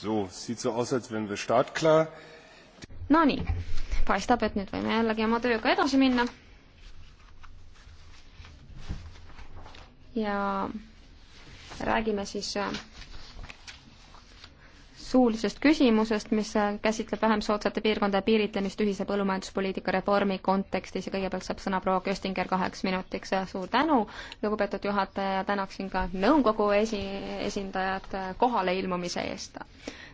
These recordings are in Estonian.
So, sieht so aus, als wären wir startklar. Nonii, paistab, et nüüd võime jällegi oma tööga edasi minna. ja räägime siis äh, suulisest küsimusest, mis äh, käsitleb vähem soodsate piirkondade piiritlemist ühise põllumajanduspoliitika reformi kontekstis ja kõigepealt saab sõna proua Köstinger kaheks minutiks. Äh, suur tänu, lugupeetud juhataja, tänaksin ka nõukogu esi, esindajat äh, kohale ilmumise eest.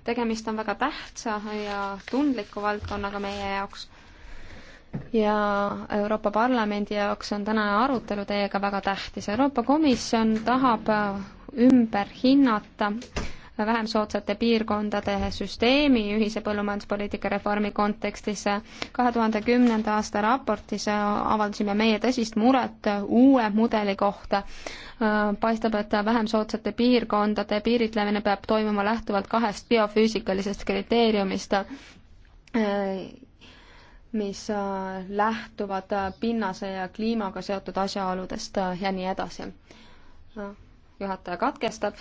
tegemist on väga tähtsa ja tundliku valdkonnaga meie jaoks ja Euroopa Parlamendi jaoks on tänane arutelu teiega väga tähtis. Euroopa Komisjon tahab ümber hinnata vähem soodsate piirkondade süsteemi ühise põllumajanduspoliitika reformi kontekstis. kahe tuhande kümnenda aasta raportis avaldasime meie tõsist muret uue mudeli kohta. paistab, et vähem soodsate piirkondade piiritlemine peab toimuma lähtuvalt kahest biofüüsikalisest kriteeriumist mis lähtuvad pinnase ja kliimaga seotud asjaoludest ja nii edasi. juhataja katkestab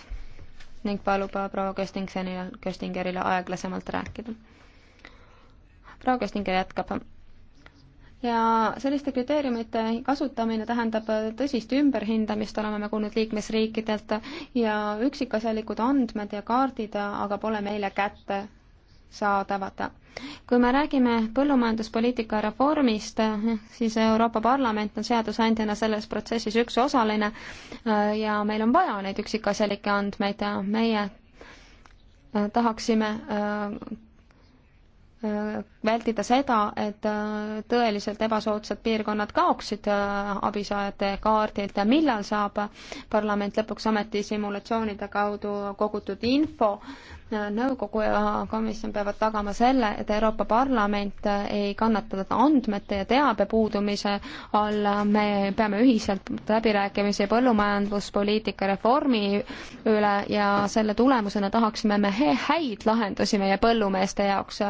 ning palub proua Köstingsenile, Köstingerile aeglasemalt rääkida. proua Köstinger jätkab. ja selliste kriteeriumite kasutamine tähendab tõsist ümberhindamist, oleme me kuulnud liikmesriikidelt, ja üksikasjalikud andmed ja kaardid aga pole meile kätte saadavad. kui me räägime põllumajanduspoliitika reformist, siis Euroopa Parlament on seadusandjana selles protsessis üks osaline äh, ja meil on vaja neid üksikasjalikke andmeid ja meie äh, tahaksime äh, vältida seda, et tõeliselt ebasoodsad piirkonnad kaoksid abisaajate kaardilt ja millal saab parlament lõpuks ametissimulatsioonide kaudu kogutud info äh, nõukogu ja komisjon peavad tagama selle, et Euroopa Parlament ei kannata andmete ja teabe puudumise all. me peame ühiselt läbirääkimisi põllumajanduspoliitika reformi üle ja selle tulemusena tahaksime me häid lahendusi meie põllumeeste jaoks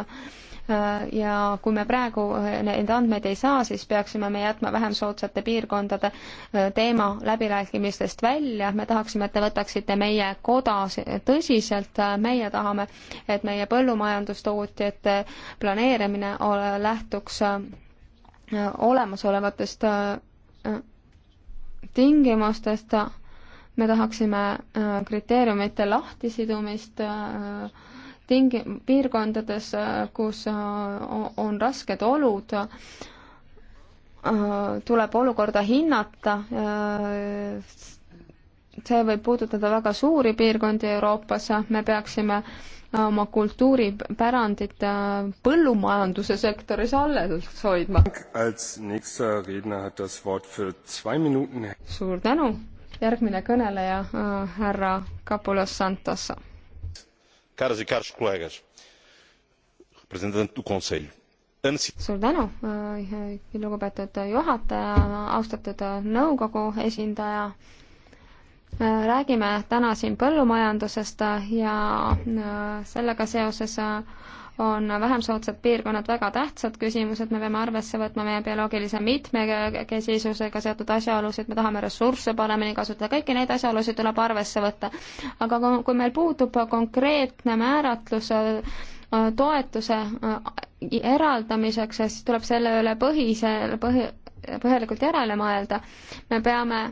Äh, ja kui me praegu äh, neid andmeid ei saa, siis peaksime me jätma vähem soodsate piirkondade äh, teema läbirääkimistest välja, me tahaksime, et te võtaksite meie koda tõsiselt, meie tahame, et meie põllumajandustootjate planeerimine ole, lähtuks olemasolevatest tingimustest, me tahaksime kriteeriumite lahtisidumist tingi-, piirkondades, kus äh, on rasked olud, äh, tuleb olukorda hinnata, äh, see võib puudutada väga suuri piirkondi Euroopas, me peaksime oma kultuuripärandit põllumajanduse sektoris alles hoidma. suur tänu, järgmine kõneleja äh,, härra Capulas Santos caras e caros colegas representante do conselho suur tänu, äh, lugupeetud juhataja, austatud nõukogu esindaja. Äh, räägime täna siin põllumajandusest ja äh, sellega seoses on vähem soodsad piirkonnad väga tähtsad küsimused, me peame arvesse võtma meie bioloogilise mitmekesisusega seotud asjaolusid, me tahame ressursse paremini kasutada, kõiki neid asjaolusid tuleb arvesse võtta. aga kui meil puudub konkreetne määratlus äh, toetuse äh, eraldamiseks, siis tuleb selle üle põhise, põhi, põhjalikult järele mõelda. me peame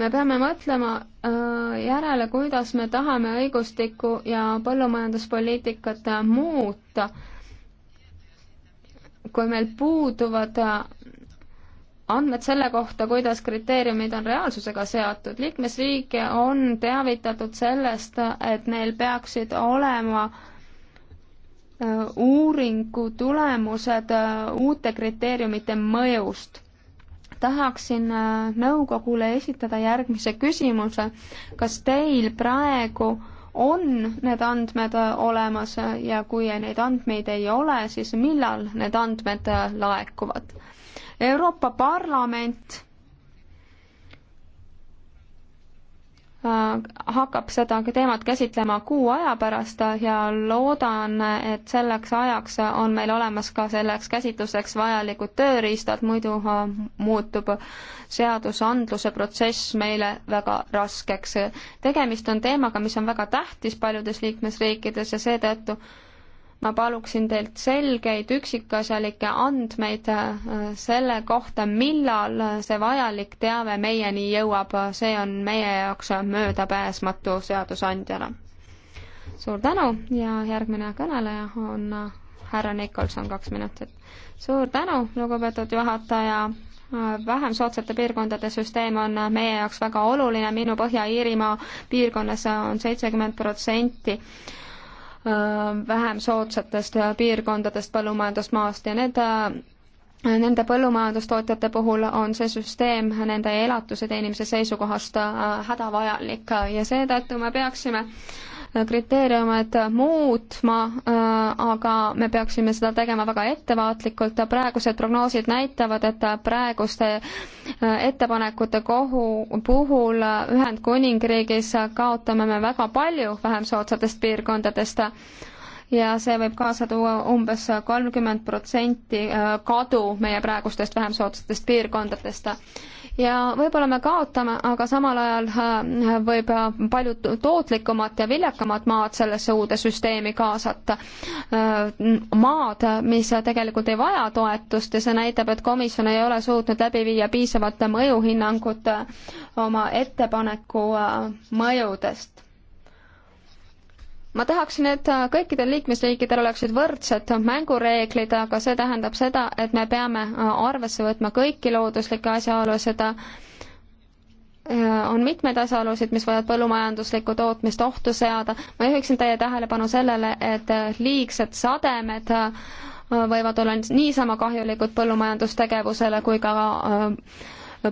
me peame mõtlema äh, järele, kuidas me tahame õigustikku ja põllumajanduspoliitikat äh, muuta, kui meil puuduvad äh, andmed selle kohta, kuidas kriteeriumid on reaalsusega seotud. liikmesriike on teavitatud sellest, et neil peaksid olema uuringu tulemused uute kriteeriumite mõjust tahaksin äh, nõukogule esitada järgmise küsimuse. kas teil praegu on need andmed äh, olemas ja kui neid andmeid ei ole, siis millal need andmed äh, laekuvad? Euroopa Parlament Äh, hakkab seda teemat käsitlema kuu aja pärast ja loodan, et selleks ajaks on meil olemas ka selleks käsitluseks vajalikud tööriistad, muidu äh, muutub seadusandluse protsess meile väga raskeks. tegemist on teemaga, mis on väga tähtis paljudes liikmesriikides ja seetõttu ma paluksin teilt selgeid üksikasjalikke andmeid äh, selle kohta, millal see vajalik teave meieni jõuab, see on meie jaoks möödapääsmatu seadusandjana. suur tänu ja järgmine kõneleja on äh, härra Nikolson, kaks minutit. suur tänu, lugupeetud juhataja vähem soodsate piirkondade süsteem on äh, meie jaoks väga oluline, minu Põhja-Iirimaa piirkonnas on seitsekümmend protsenti Äh, vähem soodsatest äh, piirkondadest, põllumajandusmaast ja need äh, Nende põllumajandustootjate puhul on see süsteem nende elatuse teenimise seisukohast hädavajalik ja seetõttu me peaksime äh, kriteeriumeid muutma, äh, aga me peaksime seda tegema väga ettevaatlikult ja praegused prognoosid näitavad, et praeguste äh, ettepanekute kohu, puhul Ühendkuningriigis kaotame me väga palju vähem soodsatest piirkondadest ja see võib kaasa tuua umbes kolmkümmend protsenti äh, kadu meie praegustest vähem soodsatest piirkondadest ja võib-olla me kaotame, aga samal ajal äh, võib äh, palju tootlikumat ja viljakamat maad sellesse uude süsteemi kaasata. Äh, maad, mis tegelikult ei vaja toetust ja see näitab, et komisjon ei ole suutnud läbi viia piisavat mõjuhinnangut oma ettepaneku mõjudest ma tahaksin, et äh, kõikidel liikmesriikidel oleksid võrdsed mängureeglid, aga see tähendab seda, et me peame äh, arvesse võtma kõiki looduslikke asjaolusid. Äh, on mitmeid asjaolusid, mis võivad põllumajanduslikku tootmist ohtu seada. ma juhiksin teie tähelepanu sellele, et liigsed sademed võivad olla niisama kahjulikud põllumajandustegevusele kui ka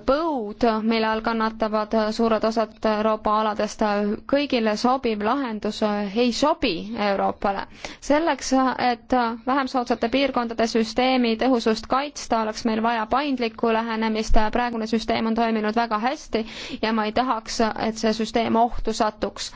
põud, mille all kannatavad suured osad Euroopa aladest, kõigile sobiv lahendus ei sobi Euroopale. selleks, et vähem soodsate piirkondade süsteemi tõhusust kaitsta, oleks meil vaja paindlikku lähenemist, praegune süsteem on toiminud väga hästi ja ma ei tahaks, et see süsteem ohtu satuks.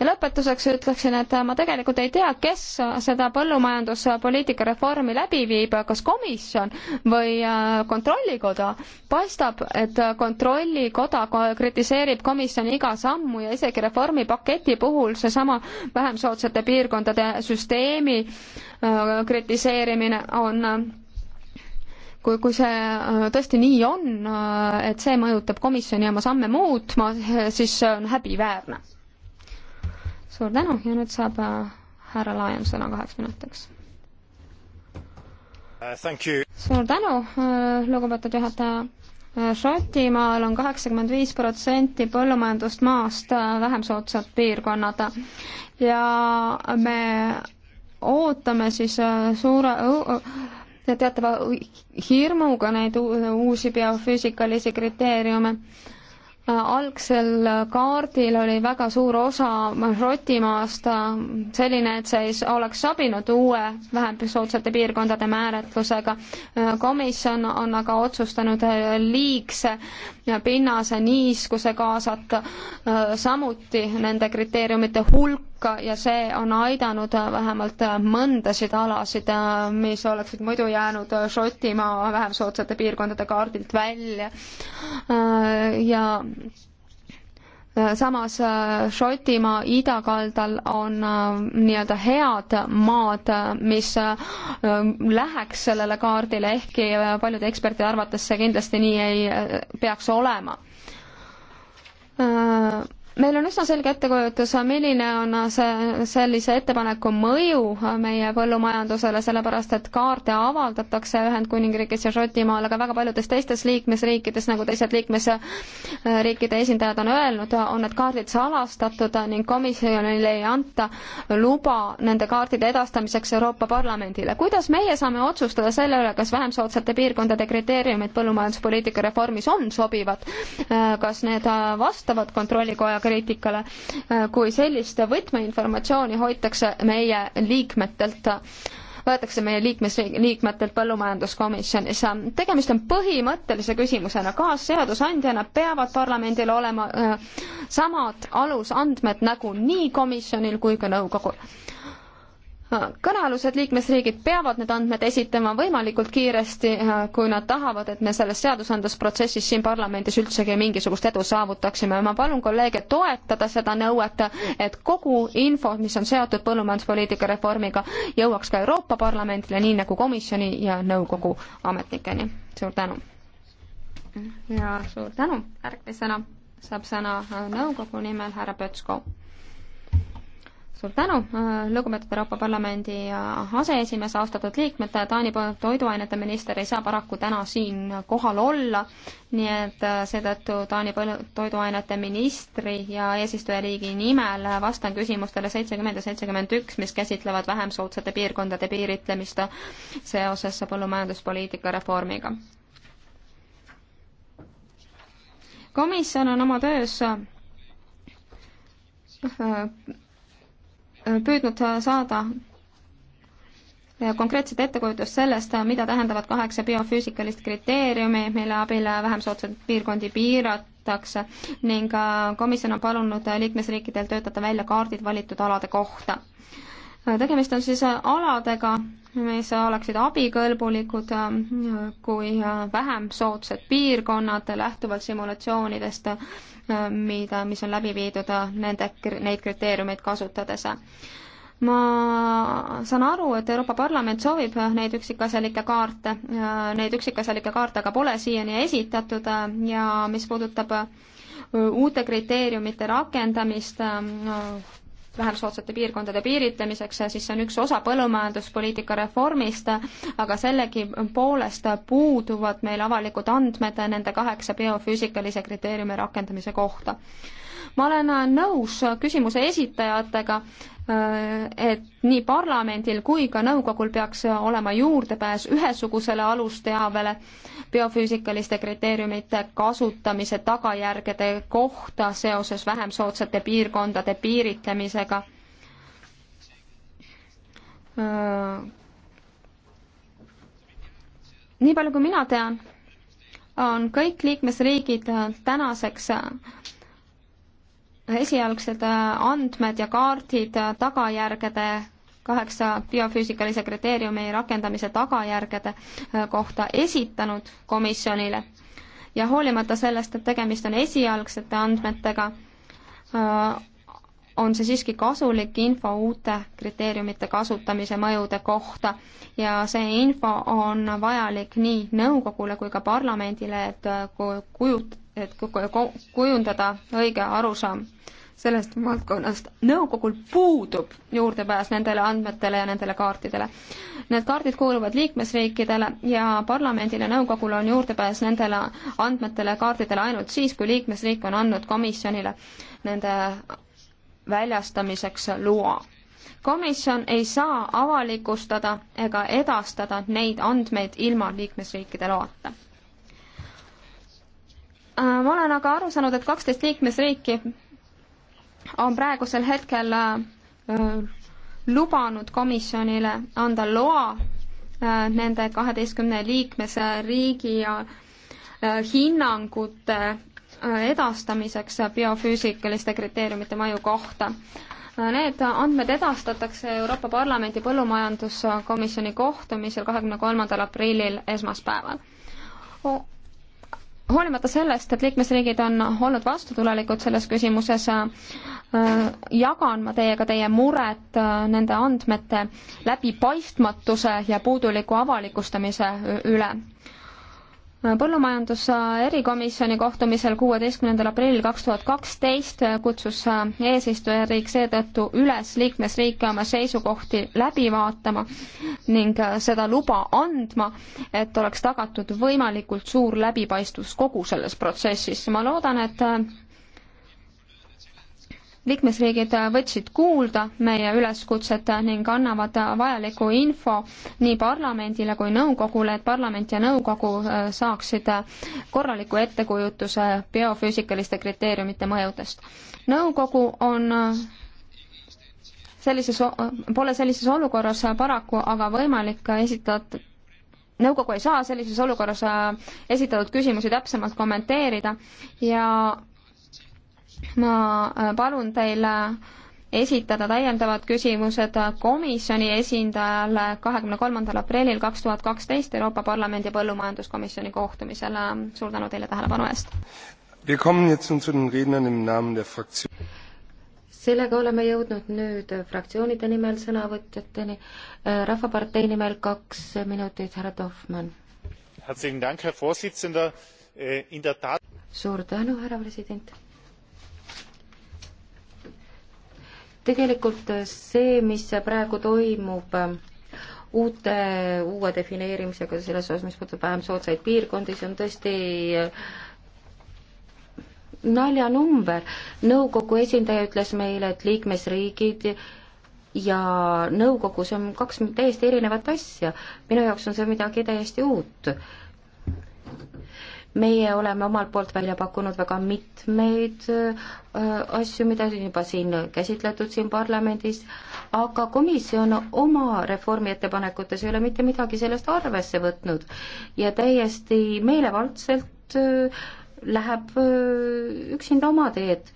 ja lõpetuseks ütleksin, et ma tegelikult ei tea, kes seda põllumajanduspoliitika reformi läbi viib, kas komisjon või äh, kontrollikoda, paistab, et Kontrollikoda kritiseerib komisjoni iga sammu ja isegi reformipaketi puhul seesama vähem soodsate piirkondade süsteemi äh, kritiseerimine on kui, kui see äh, tõesti nii on, äh, et see mõjutab komisjoni oma samme muutma, siis see on häbiväärne. suur tänu ja nüüd saab härra Laion sõna kaheks minutiks uh,. suur tänu, lugupeetud juhataja Šotimaal on kaheksakümmend viis protsenti põllumajandust maast vähem soodsad piirkonnad ja me ootame siis äh, suure teatava hirmuga neid uusi biofüüsikalisi kriteeriume algsel kaardil oli väga suur osa Rotimaast selline, et see ei oleks sobinud uue vähem soodsate piirkondade määratlusega. komisjon on aga otsustanud liigse pinnase niiskuse kaasata, samuti nende kriteeriumite hulka hukka ja see on aidanud vähemalt mõndasid alasid, mis oleksid muidu jäänud Šotimaa vähem soodsate piirkondade kaardilt välja. ja samas Šotimaa idakaldal on nii-öelda head maad, mis läheks sellele kaardile, ehkki paljude ekspertide arvates see kindlasti nii ei peaks olema meil on üsna selge ettekujutus, milline on see, sellise ettepaneku mõju meie põllumajandusele, sellepärast et kaarte avaldatakse Ühendkuningriigis ja Šotimaal, aga väga paljudes teistes liikmesriikides, nagu teised liikmesriikide esindajad on öelnud, on need kaardid salastatud ning komisjonile ei anta luba nende kaartide edastamiseks Euroopa Parlamendile. kuidas meie saame otsustada selle üle, kas vähem soodsate piirkondade kriteeriumid põllumajanduspoliitika reformis on sobivad, kas need vastavad kontrollikoja kriitikale äh, kui sellist. võtmeinformatsiooni hoitakse meie liikmetelt võetakse meie liikmesriigi liikmetelt põllumajanduskomisjonis. tegemist on põhimõttelise küsimusena, kaasseadusandjana peavad parlamendil olema äh, samad alusandmed nagu nii komisjonil kui ka nõukogul kõnealused liikmesriigid peavad need andmed esitama võimalikult kiiresti, äh, kui nad tahavad, et me selles seadusandlusprotsessis siin parlamendis üldsegi mingisugust edu saavutaksime. ma palun kolleege toetada seda nõuet, et kogu info, mis on seotud põllumajanduspoliitika reformiga, jõuaks ka Euroopa Parlamendile, nii nagu komisjoni ja nõukogu ametnikeni. suur tänu! ja suur tänu, järgmisena saab sõna äh, nõukogu nimel härra Pötskov suur tänu, äh, lugupeetud Euroopa Parlamendi äh, aseesimees, austatud liikmed, Taani toiduainete minister ei saa paraku täna siin kohal olla, nii et äh, seetõttu Taani toiduainete ministri ja eesistujariigi nimel vastan küsimustele seitsekümmend ja seitsekümmend üks, mis käsitlevad vähem soodsate piirkondade piiritlemist seoses põllumajanduspoliitika reformiga. komisjon on oma töös Äh, püüdnud saada konkreetset ettekujutust sellest, mida tähendavad kaheksa biofüüsikalist kriteeriumi, mille abil vähem soodsaid piirkondi piiratakse ning äh, komisjon on palunud liikmesriikidel töötada välja kaardid valitud alade kohta. Äh, tegemist on siis aladega, mis oleksid abikõlbulikud kui vähem soodsad piirkonnad lähtuvalt simulatsioonidest mida, mis on läbi viidud äh, nende, neid kriteeriumeid kasutades ma saan aru, et Euroopa Parlament soovib neid üksikasjalikke kaarte, äh, neid üksikasjalikke kaarte aga pole siiani esitatud äh, ja mis puudutab uute kriteeriumite rakendamist, vähem soodsate piirkondade piiritlemiseks, siis see on üks osa põllumajanduspoliitika reformist, aga sellegipoolest puuduvad meil avalikud andmed nende kaheksa biofüüsikalise kriteeriumi rakendamise kohta ma olen nõus küsimuse esitajatega, äh, et nii parlamendil kui ka nõukogul peaks olema juurdepääs ühesugusele alusteavele biofüüsikaliste kriteeriumite kasutamise tagajärgede kohta seoses vähem soodsate piirkondade piiritlemisega äh, nii palju kui mina tean, on kõik liikmesriigid tänaseks esialgsed äh, andmed ja kaardid äh, tagajärgede kaheksa biofüüsikalise kriteeriumi rakendamise tagajärgede äh, kohta esitanud komisjonile ja hoolimata sellest, et tegemist on esialgsete andmetega, on see siiski kasulik info uute kriteeriumite kasutamise mõjude kohta ja see info on vajalik nii nõukogule kui ka parlamendile, et kujut-, et kujundada õige arusaam sellest valdkonnast. nõukogul puudub juurdepääs nendele andmetele ja nendele kaartidele. Need kaardid kuuluvad liikmesriikidele ja parlamendil ja nõukogul on juurdepääs nendele andmetele ja kaardidele ainult siis, kui liikmesriik on andnud komisjonile nende väljastamiseks loa. komisjon ei saa avalikustada ega edastada neid andmeid ilma liikmesriikide loata Äh, ma olen aga aru saanud, et kaksteist liikmesriiki on praegusel hetkel äh, lubanud komisjonile anda loa äh, nende kaheteistkümne liikmesriigi hinnangute edastamiseks biofüüsikaliste kriteeriumite mõju kohta. Need andmed edastatakse Euroopa Parlamendi põllumajanduskomisjoni kohtumisel kahekümne kolmandal aprillil esmaspäeval hoolimata sellest, et liikmesriigid on olnud vastutulelikud selles küsimuses, äh, jagan ma teiega teie muret äh, nende andmete läbipaistmatuse ja puuduliku avalikustamise üle põllumajanduse erikomisjoni kohtumisel kuueteistkümnendal aprillil kaks tuhat kaksteist kutsus äh, eesistujariik seetõttu üles liikmesriike oma seisukohti läbi vaatama ning äh, seda luba andma, et oleks tagatud võimalikult suur läbipaistvus kogu selles protsessis. ma loodan, et äh, liikmesriigid võtsid kuulda meie üleskutset ning annavad vajaliku info nii parlamendile kui nõukogule, et parlament ja nõukogu äh, saaksid korraliku ettekujutuse biofüüsikaliste kriteeriumite mõjudest. nõukogu on äh, sellises, pole sellises olukorras paraku aga võimalik esitada nõukogu ei saa sellises olukorras äh, esitatud küsimusi täpsemalt kommenteerida ja ma äh, palun teil äh, esitada täiendavad küsimused komisjoni esindajale kahekümne kolmandal aprillil kaks tuhat kaksteist Euroopa Parlamendi põllumajanduskomisjoni kohtumisel. Äh, suur tänu teile tähelepanu eest! sellega oleme jõudnud nüüd fraktsioonide nimel sõnavõtjateni. rahvapartei nimel kaks minutit, härra Tohman. suur tänu, härra president tegelikult see, mis praegu toimub uute, uue defineerimisega selles osas, mis puudutab vähem soodsaid piirkondi, see on tõesti äh, naljanumber. nõukogu esindaja ütles meile, et liikmesriigid ja nõukogus on kaks täiesti erinevat asja. minu jaoks on see midagi täiesti uut meie oleme omalt poolt välja pakkunud väga mitmeid äh, asju, mida on juba siin käsitletud siin parlamendis, aga komisjon oma reformi ettepanekutes ei ole mitte midagi sellest arvesse võtnud ja täiesti meelevaldselt äh, läheb äh, üksinda oma teed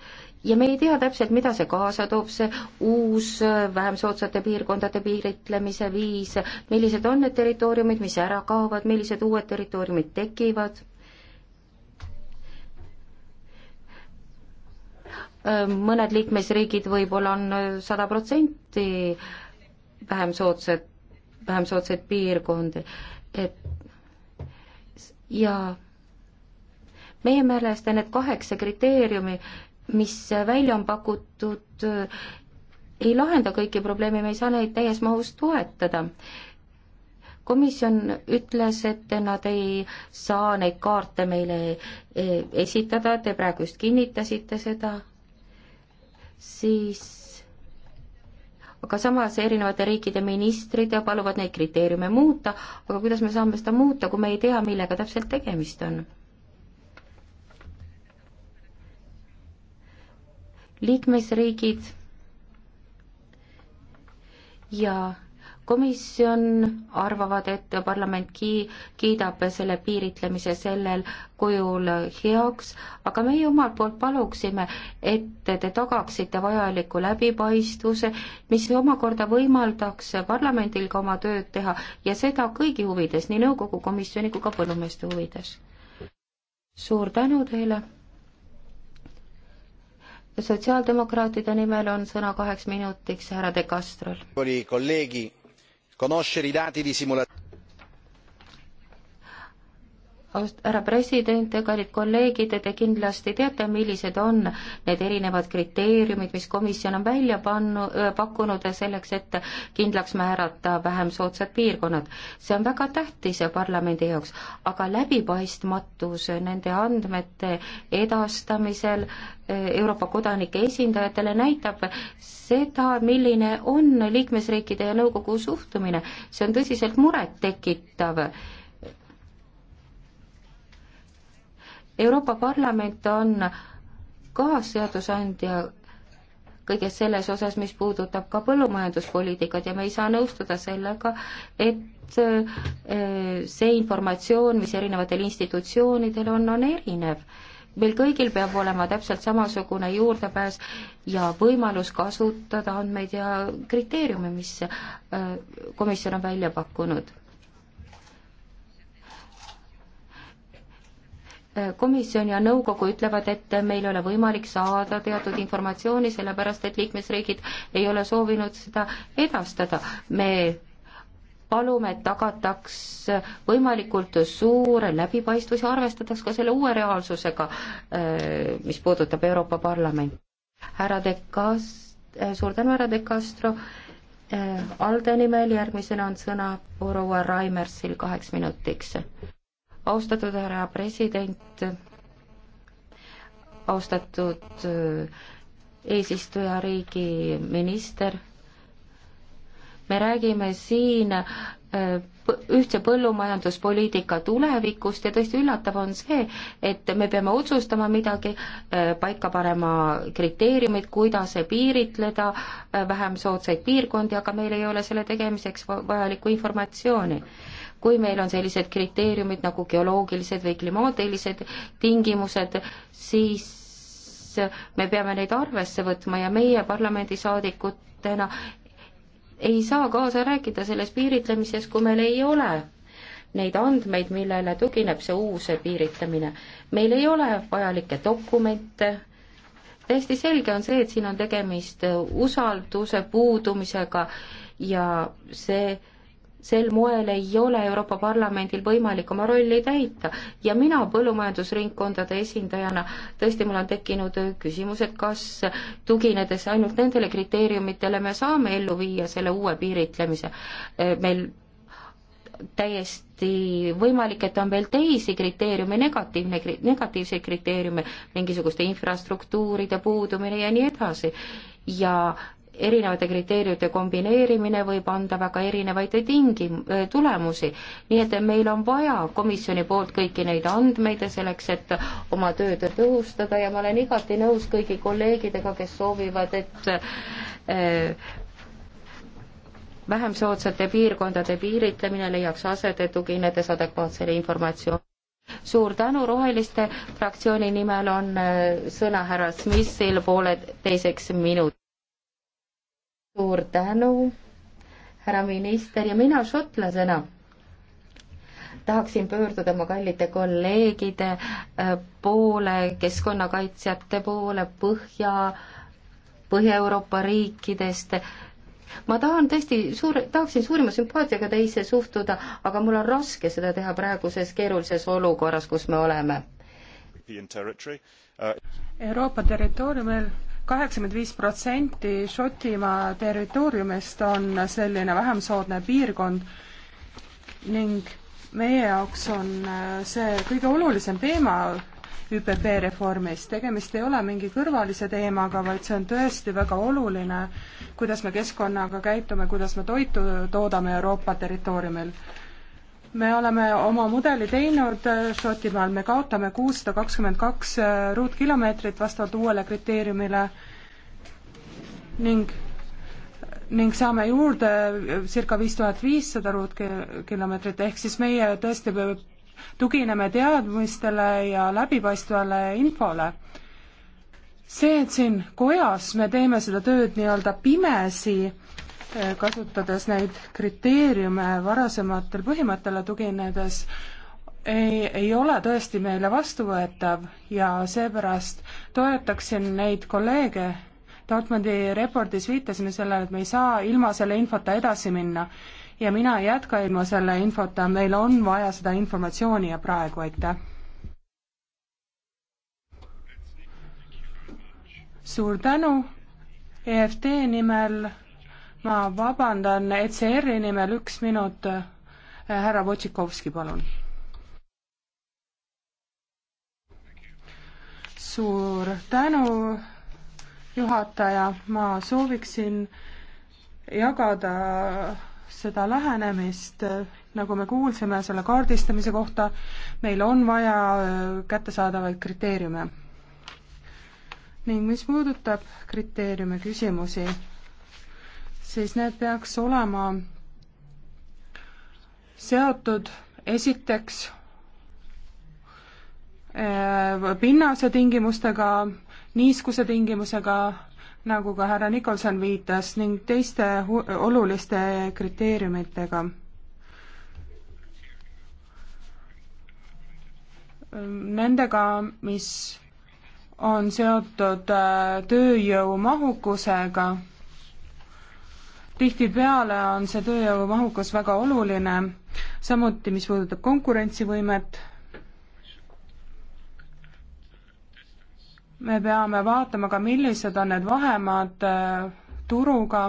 ja me ei tea täpselt, mida see kaasa toob, see uus vähem soodsate piirkondade piiritlemise viis, millised on need territooriumid, mis ära kaovad, millised uued territooriumid tekivad Äh, mõned liikmesriigid võib-olla on äh, sada protsenti vähem soodsad, vähem soodsaid piirkondi, et ja meie meelest need kaheksa kriteeriumi, mis välja on pakutud, äh, ei lahenda kõiki probleeme, me ei saa neid täies mahus toetada. komisjon ütles, et nad ei saa neid kaarte meile esitada, te praegu just kinnitasite seda siis aga samas erinevate riikide ministrid paluvad neid kriteeriume muuta, aga kuidas me saame seda muuta, kui me ei tea, millega täpselt tegemist on? liikmesriigid ja komisjon arvavad, et parlament ki-, kiidab selle piiritlemise sellel kujul heaks, aga meie omalt poolt paluksime, et te tagaksite vajaliku läbipaistvuse, mis omakorda võimaldaks parlamendil ka oma tööd teha ja seda kõigi huvides, nii nõukogu komisjoni kui ka põllumeeste huvides. suur tänu teile! sotsiaaldemokraatide nimel on sõna kaheks minutiks härra De Castrol. oli kolleegi conoscere i dati di simulazione härra president, kallid kolleegid, te kindlasti teate, millised on need erinevad kriteeriumid, mis komisjon on välja pannu-, pakkunud selleks, et kindlaks määrata vähem soodsad piirkonnad. see on väga tähtis parlamendi jaoks, aga läbipaistmatus nende andmete edastamisel Euroopa kodanike esindajatele näitab seda, milline on liikmesriikide ja nõukogu suhtumine. see on tõsiselt murettekitav Euroopa Parlament on kaasseadusandja kõiges selles osas, mis puudutab ka põllumajanduspoliitikat ja me ei saa nõustuda sellega, et eh, see informatsioon, mis erinevatel institutsioonidel on, on erinev. meil kõigil peab olema täpselt samasugune juurdepääs ja võimalus kasutada andmeid ja kriteeriume, mis eh, komisjon on välja pakkunud komisjon ja nõukogu ütlevad, et meil ei ole võimalik saada teatud informatsiooni, sellepärast et liikmesriigid ei ole soovinud seda edastada. me palume, et tagataks võimalikult suur läbipaistvus ja arvestataks ka selle uue reaalsusega, äh, mis puudutab Euroopa Parlamenti. härra De Cast-, äh, suur tänu, härra De Castro, äh, ALDE nimel järgmisena on sõna proua Raimersil kaheks minutiks austatud härra president, austatud äh, eesistujariigi minister, me räägime siin äh, ühtse põllumajanduspoliitika tulevikust ja tõesti üllatav on see, et me peame otsustama midagi, äh, paika panema kriteeriumid, kuidas piiritleda vähem soodsaid piirkondi, aga meil ei ole selle tegemiseks vajalikku informatsiooni kui meil on sellised kriteeriumid nagu geoloogilised või klimaatilised tingimused, siis me peame neid arvesse võtma ja meie parlamendisaadikutena ei saa kaasa rääkida selles piiritlemises, kui meil ei ole neid andmeid, millele tugineb see uus piiritlemine. meil ei ole vajalikke dokumente, täiesti selge on see, et siin on tegemist usalduse puudumisega ja see sel moel ei ole Euroopa Parlamendil võimalik oma rolli täita ja mina põllumajandusringkondade esindajana tõesti mul on tekkinud küsimus, et kas tuginedes ainult nendele kriteeriumitele me saame ellu viia selle uue piiritlemise äh, meil täiesti võimalik, et on veel teisi kriteeriume, negatiivne, negatiivseid kriteeriume, mingisuguste infrastruktuuride puudumine ja nii edasi. ja erinevate kriteeriumite kombineerimine võib anda väga erinevaid tingim-, tulemusi. nii et meil on vaja komisjoni poolt kõiki neid andmeid ja selleks, et oma tööd tõhustada ja ma olen igati nõus kõigi kolleegidega, kes soovivad, et äh, vähem soodsate piirkondade piiritlemine leiaks aset, tuginedes adekvaatsele informatsioonile suur tänu, Roheliste fraktsiooni nimel on äh, sõna härra Smithil pooleteiseks minutiks suur tänu, härra minister ja mina šotlasena tahaksin pöörduda oma kallite kolleegide äh, poole, keskkonnakaitsjate poole Põhja, Põhja-Euroopa riikidest. ma tahan tõesti suur, tahaksin suurima sümpaatiaga teisse suhtuda, aga mul on raske seda teha praeguses keerulises olukorras, kus me oleme. Euroopa territooriumil kaheksakümmend viis protsenti Šotimaa territooriumist on selline vähem soodne piirkond ning meie jaoks on äh, see kõige olulisem teema ÜPP reformis. tegemist ei ole mingi kõrvalise teemaga, vaid see on tõesti väga oluline, kuidas me keskkonnaga käitume, kuidas me toitu toodame Euroopa territooriumil me oleme oma mudeli teinud äh, Šotimaal, me kaotame kuussada kakskümmend kaks äh, ruutkilomeetrit vastavalt uuele kriteeriumile ning, ning saame juurde äh, circa viis tuhat viissada ruutkilomeetrit, ehk siis meie tõesti tugineme teadmistele ja läbipaistvale infole. see, et siin kojas me teeme seda tööd nii-öelda pimesi, Äh, kasutades neid kriteeriume varasematel põhimõttele tuginedes, ei, ei ole tõesti meile vastuvõetav ja seepärast toetaksin neid kolleege, Dortmundi raportis viitasime sellele, et me ei saa ilma selle infota edasi minna ja mina ei jätka ilma selle infota, meil on vaja seda informatsiooni ja praegu, aitäh. suur tänu EFT nimel ma vabandan ECR-i nimel üks minut, äh, härra Votšikovski, palun. suur tänu, juhataja, ma sooviksin jagada seda lähenemist, nagu me kuulsime selle kaardistamise kohta, meil on vaja äh, kättesaadavaid kriteeriume. ning mis puudutab kriteeriume küsimusi, siis need peaks olema seotud esiteks eh, pinnase tingimustega, niiskuse tingimusega, nagu ka härra Nikolson viitas, ning teiste oluliste kriteeriumitega nendega, mis on seotud eh, tööjõu mahukusega tihtipeale on see tööjõumahukus väga oluline, samuti mis puudutab konkurentsivõimet, me peame vaatama ka, millised on need vahemaad äh, turuga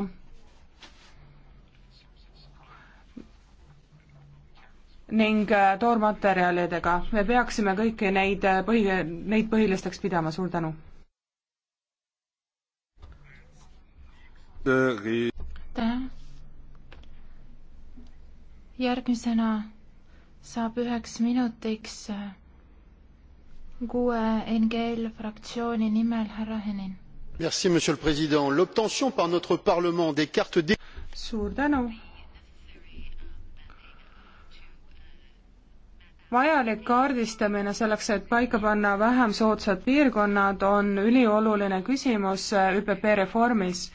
ning äh, toormaterjalidega. me peaksime kõiki neid äh, põhi, neid põhilisteks pidama, suur tänu aitäh. järgmisena saab üheks minutiks äh, kuue NGL fraktsiooni nimel härra Henin. Merci, monsieur le président. L'obtention par notre parlement des cartes des... suur tänu. vajalik kaardistamine selleks, et paika panna vähem soodsad piirkonnad, on ülioluline küsimus äh, ÜPP reformis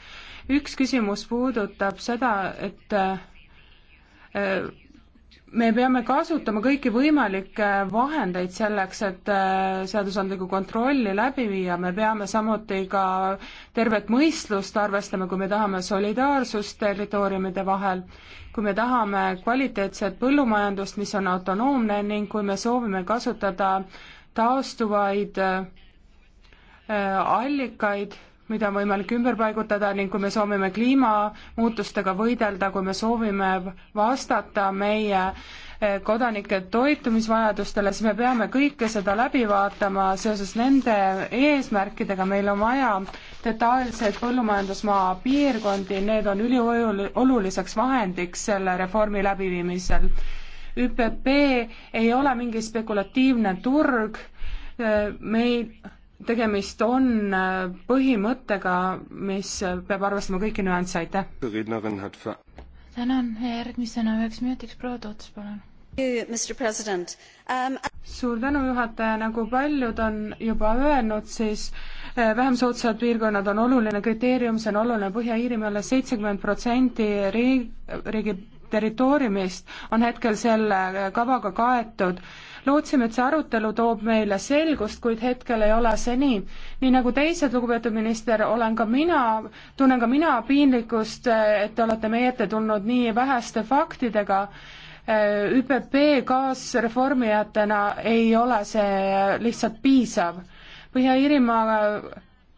üks küsimus puudutab seda, et äh, me peame kasutama kõiki võimalikke vahendeid selleks, et äh, seadusandlikku kontrolli läbi viia, me peame samuti ka tervet mõistlust arvestama, kui me tahame solidaarsust territooriumide vahel, kui me tahame kvaliteetset põllumajandust, mis on autonoomne ning kui me soovime kasutada taastuvaid äh, allikaid mida on võimalik ümber paigutada ning kui me soovime kliimamuutustega võidelda, kui me soovime vastata meie eh, kodanike toitumisvajadustele, siis me peame kõike seda läbi vaatama seoses nende eesmärkidega, meil on vaja detailseid põllumajandusmaa piirkondi, need on ülioluliseks vahendiks selle reformi läbiviimisel. ÜPP ei ole mingi spekulatiivne turg, eh, meil tegemist on äh, põhimõttega, mis peab arvestama kõiki nüansse, aitäh! tänan, järgmisena üheks minutiks proua Toots, palun! Um, suur tänu, juhataja, nagu paljud on juba öelnud, siis äh, vähem soodsad piirkonnad on oluline kriteerium, see on oluline Põhja-Iirimaale, seitsekümmend protsenti riigi, riigi territooriumist on hetkel selle äh, kavaga kaetud lootsime, et see arutelu toob meile selgust, kuid hetkel ei ole see nii. nii nagu teised, lugupeetud minister, olen ka mina, tunnen ka mina piinlikkust, et te olete meie ette tulnud nii väheste faktidega ÜPP kaasreformijatena ei ole see lihtsalt piisav. Põhja-Iirimaa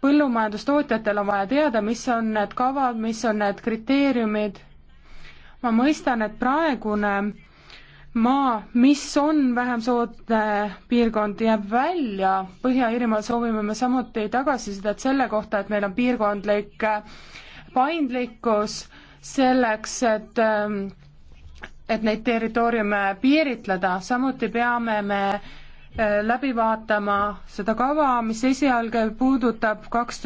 põllumajandustootjatel on vaja teada, mis on need kavad, mis on need kriteeriumid. ma mõistan, et praegune maa, mis on vähem soodne piirkond, jääb välja, Põhja-Iirimaal soovime me samuti tagasisidet selle kohta, et meil on piirkondlik äh, paindlikkus selleks, et ähm, et neid territooriume piiritleda, samuti peame me Äh, läbi vaatama seda kava, mis esialgu puudutab kaks,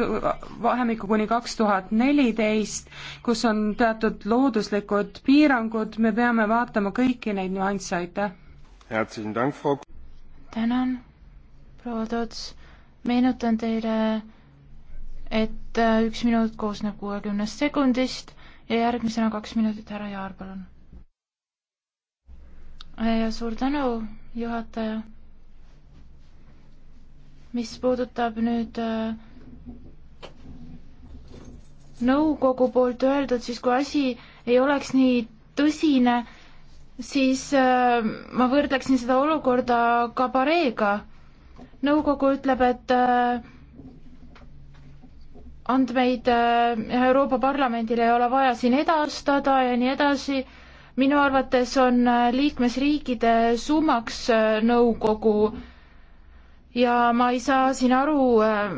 vahemikku kuni kaks tuhat neliteist, kus on teatud looduslikud piirangud, me peame vaatama kõiki neid nüansse, aitäh! tänan, proua Toots, meenutan teile, et äh, üks minut koosneb kuuekümnest sekundist ja järgmisena kaks minutit, härra Jaar, palun! Äh, ja suur tänu, juhataja mis puudutab nüüd äh, nõukogu poolt öeldud, siis kui asi ei oleks nii tõsine, siis äh, ma võrdleksin seda olukorda kabareega. nõukogu ütleb, et äh, andmeid Euroopa Parlamendile ei ole vaja siin edastada ja nii edasi minu arvates on liikmesriikide summaks nõukogu ja ma ei saa siin aru äh,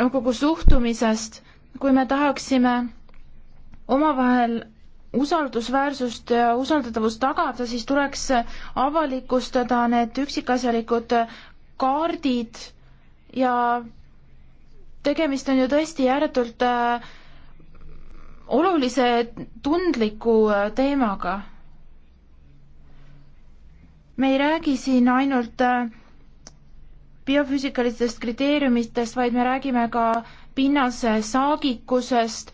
nõukogu suhtumisest, kui me tahaksime omavahel usaldusväärsust ja usaldatavust tagada, siis tuleks avalikustada need üksikasjalikud kaardid ja tegemist on ju tõesti ääretult äh, olulise tundliku äh, teemaga me ei räägi siin ainult äh, biofüüsikalistest kriteeriumitest, vaid me räägime ka pinnase saagikusest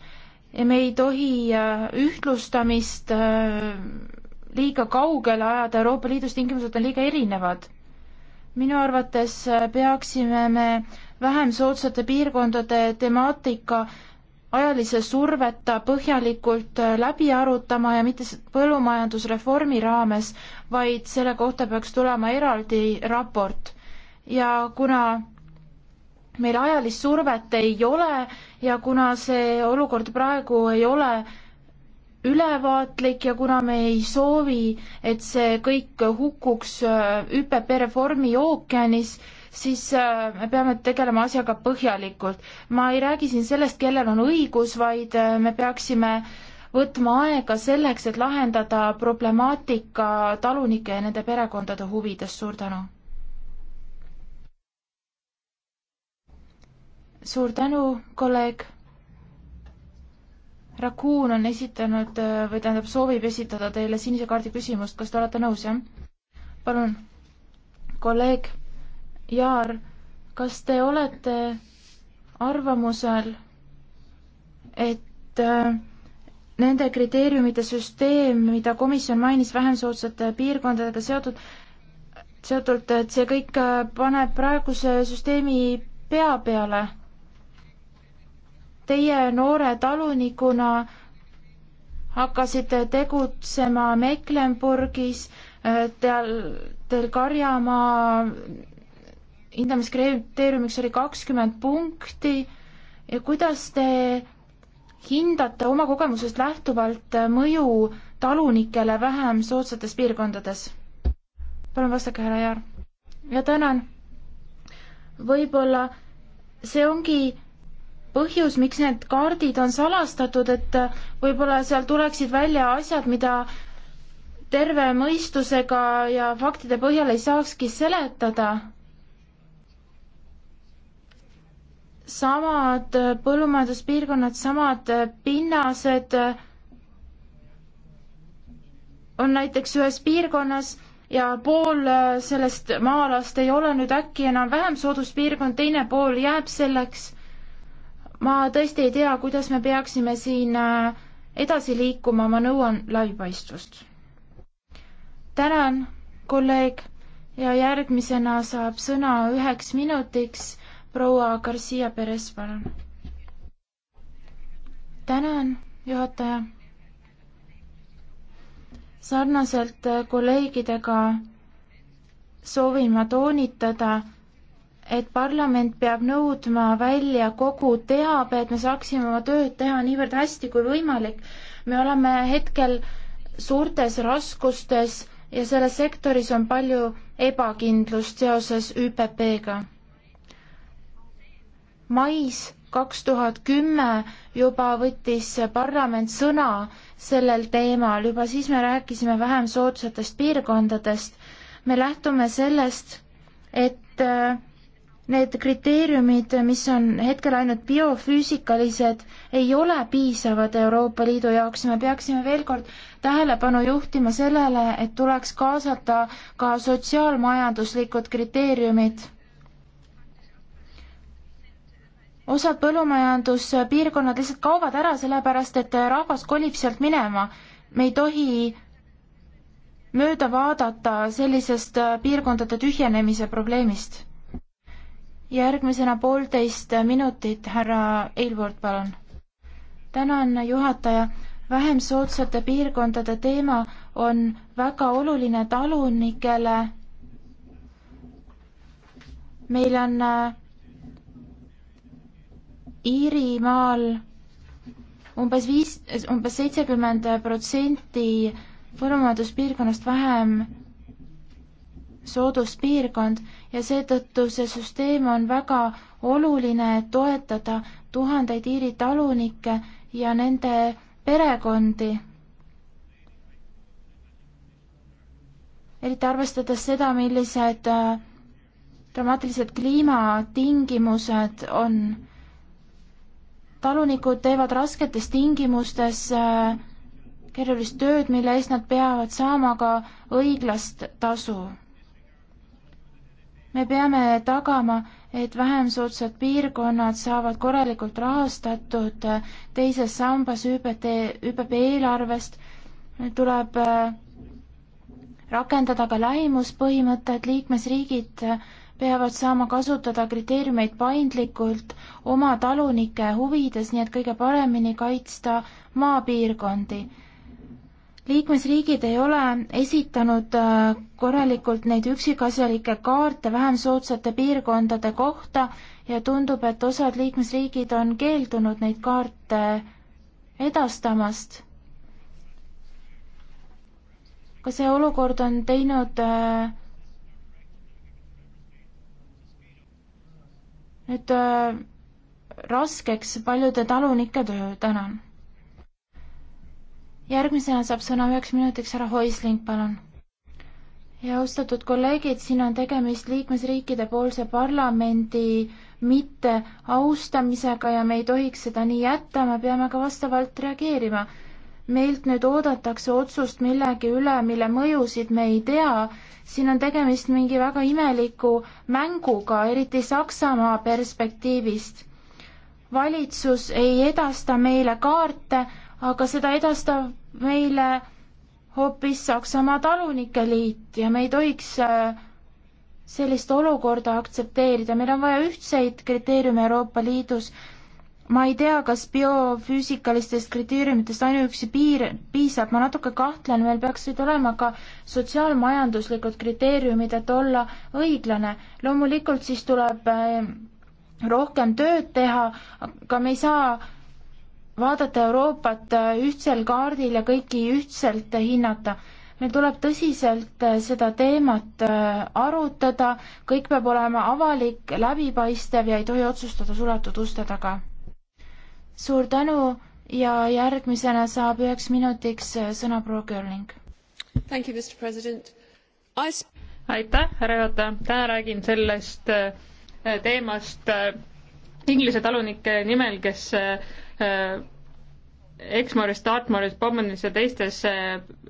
ja me ei tohi äh, ühtlustamist äh, liiga kaugele ajada, Euroopa Liidus tingimused on liiga erinevad. minu arvates peaksime me vähem soodsate piirkondade temaatika ajalise surveta põhjalikult äh, läbi arutama ja mitte põllumajandusreformi raames, vaid selle kohta peaks tulema eraldi raport. ja kuna meil ajalist survet ei ole ja kuna see olukord praegu ei ole ülevaatlik ja kuna me ei soovi, et see kõik hukuks äh, ÜPP reformi ookeanis, siis äh, me peame tegelema asjaga põhjalikult. ma ei räägi siin sellest, kellel on õigus, vaid äh, me peaksime võtma aega selleks, et lahendada problemaatika talunike ja nende perekondade huvides. suur tänu! suur tänu, kolleeg. Rakuun on esitanud äh, või tähendab, soovib esitada teile sinise kaardi küsimust, kas te olete nõus, jah? palun, kolleeg Jaar, kas te olete arvamusel, et äh, nende kriteeriumide süsteem, mida komisjon mainis vähem soodsate piirkondadega seotud, seotult, et see kõik äh, paneb praeguse süsteemi pea peale? Teie noore talunikuna hakkasite tegutsema Mecklenburgis, äh, teal, teil Karjamaa hindamiskriteeriumiks oli kakskümmend punkti ja kuidas te hindate oma kogemusest lähtuvalt mõju talunikele vähem soodsates piirkondades? palun vastake, härra Jaar. ja tänan. võib-olla see ongi põhjus, miks need kaardid on salastatud, et võib-olla seal tuleksid välja asjad, mida terve mõistusega ja faktide põhjal ei saakski seletada samad põllumajanduspiirkonnad, samad pinnased on näiteks ühes piirkonnas ja pool sellest maa-alast ei ole nüüd äkki enam vähem sooduspiirkond, teine pool jääb selleks. ma tõesti ei tea, kuidas me peaksime siin äh, edasi liikuma, ma nõuan läbipaistvust. tänan, kolleeg, ja järgmisena saab sõna üheks minutiks proua Garcia Perez, palun. tänan, juhataja. sarnaselt kolleegidega soovin ma toonitada, et parlament peab nõudma välja kogu teabe, et me saaksime oma tööd teha niivõrd hästi kui võimalik. me oleme hetkel suurtes raskustes ja selles sektoris on palju ebakindlust seoses ÜPP-ga mais kaks tuhat kümme juba võttis parlament sõna sellel teemal, juba siis me rääkisime vähem soodsatest piirkondadest. me lähtume sellest, et äh, need kriteeriumid, mis on hetkel ainult biofüüsikalised, ei ole piisavad Euroopa Liidu jaoks, me peaksime veel kord tähelepanu juhtima sellele, et tuleks kaasata ka sotsiaalmajanduslikud kriteeriumid osad põllumajanduspiirkonnad lihtsalt kaovad ära, sellepärast et rahvas kolib sealt minema. me ei tohi mööda vaadata sellisest äh, piirkondade tühjenemise probleemist. järgmisena poolteist minutit, härra Eilvord, palun. tänan, juhataja. vähem soodsate piirkondade teema on väga oluline talunikele. meil on äh, Iirimaal umbes viis, umbes seitsekümmend protsenti põllumajanduspiirkonnast vähem sooduspiirkond ja seetõttu see süsteem on väga oluline, et toetada tuhandeid Iiri talunikke ja nende perekondi. eriti arvestades seda, millised äh, dramaatilised kliimatingimused on talunikud teevad rasketes tingimustes äh, keerulist tööd, mille eest nad peavad saama ka õiglast tasu. me peame tagama, et vähem soodsad piirkonnad saavad korralikult rahastatud äh, teises sambas ÜPT, ÜPP eelarvest, tuleb äh, rakendada ka lähimuspõhimõtet, liikmesriigid peavad saama kasutada kriteeriumeid paindlikult oma talunike huvides, nii et kõige paremini kaitsta maapiirkondi. liikmesriigid ei ole esitanud äh, korralikult neid üksikasjalikke kaarte vähem soodsate piirkondade kohta ja tundub, et osad liikmesriigid on keeldunud neid kaarte edastamast ka see olukord on teinud äh, nüüd äh, raskeks paljude talunike töö, tänan. järgmisena saab sõna üheks minutiks härra Hoisling, palun. ja austatud kolleegid, siin on tegemist liikmesriikide poolse parlamendi mitte austamisega ja me ei tohiks seda nii jätta, me peame ka vastavalt reageerima meilt nüüd oodatakse otsust millegi üle, mille mõjusid me ei tea, siin on tegemist mingi väga imeliku mänguga, eriti Saksamaa perspektiivist. valitsus ei edasta meile kaarte, aga seda edastab meile hoopis Saksamaa Talunike Liit ja me ei tohiks äh, sellist olukorda aktsepteerida, meil on vaja ühtseid kriteeriume Euroopa Liidus ma ei tea, kas biofüüsikalistest kriteeriumitest ainuüksi piir, piisab, ma natuke kahtlen, meil peaksid olema ka sotsiaalmajanduslikud kriteeriumid, et olla õiglane. loomulikult siis tuleb äh, rohkem tööd teha, aga me ei saa vaadata Euroopat äh, ühtsel kaardil ja kõiki ühtselt hinnata. meil tuleb tõsiselt äh, seda teemat arutada, kõik peab olema avalik, läbipaistev ja ei tohi otsustada suletud uste taga suur tänu ja järgmisena saab üheks minutiks sõna proua Görling. aitäh, härra juhataja, täna räägin sellest äh, teemast äh, Inglise talunike nimel, kes äh, Exmouris, Dartmouris, Bournemouthis ja teistes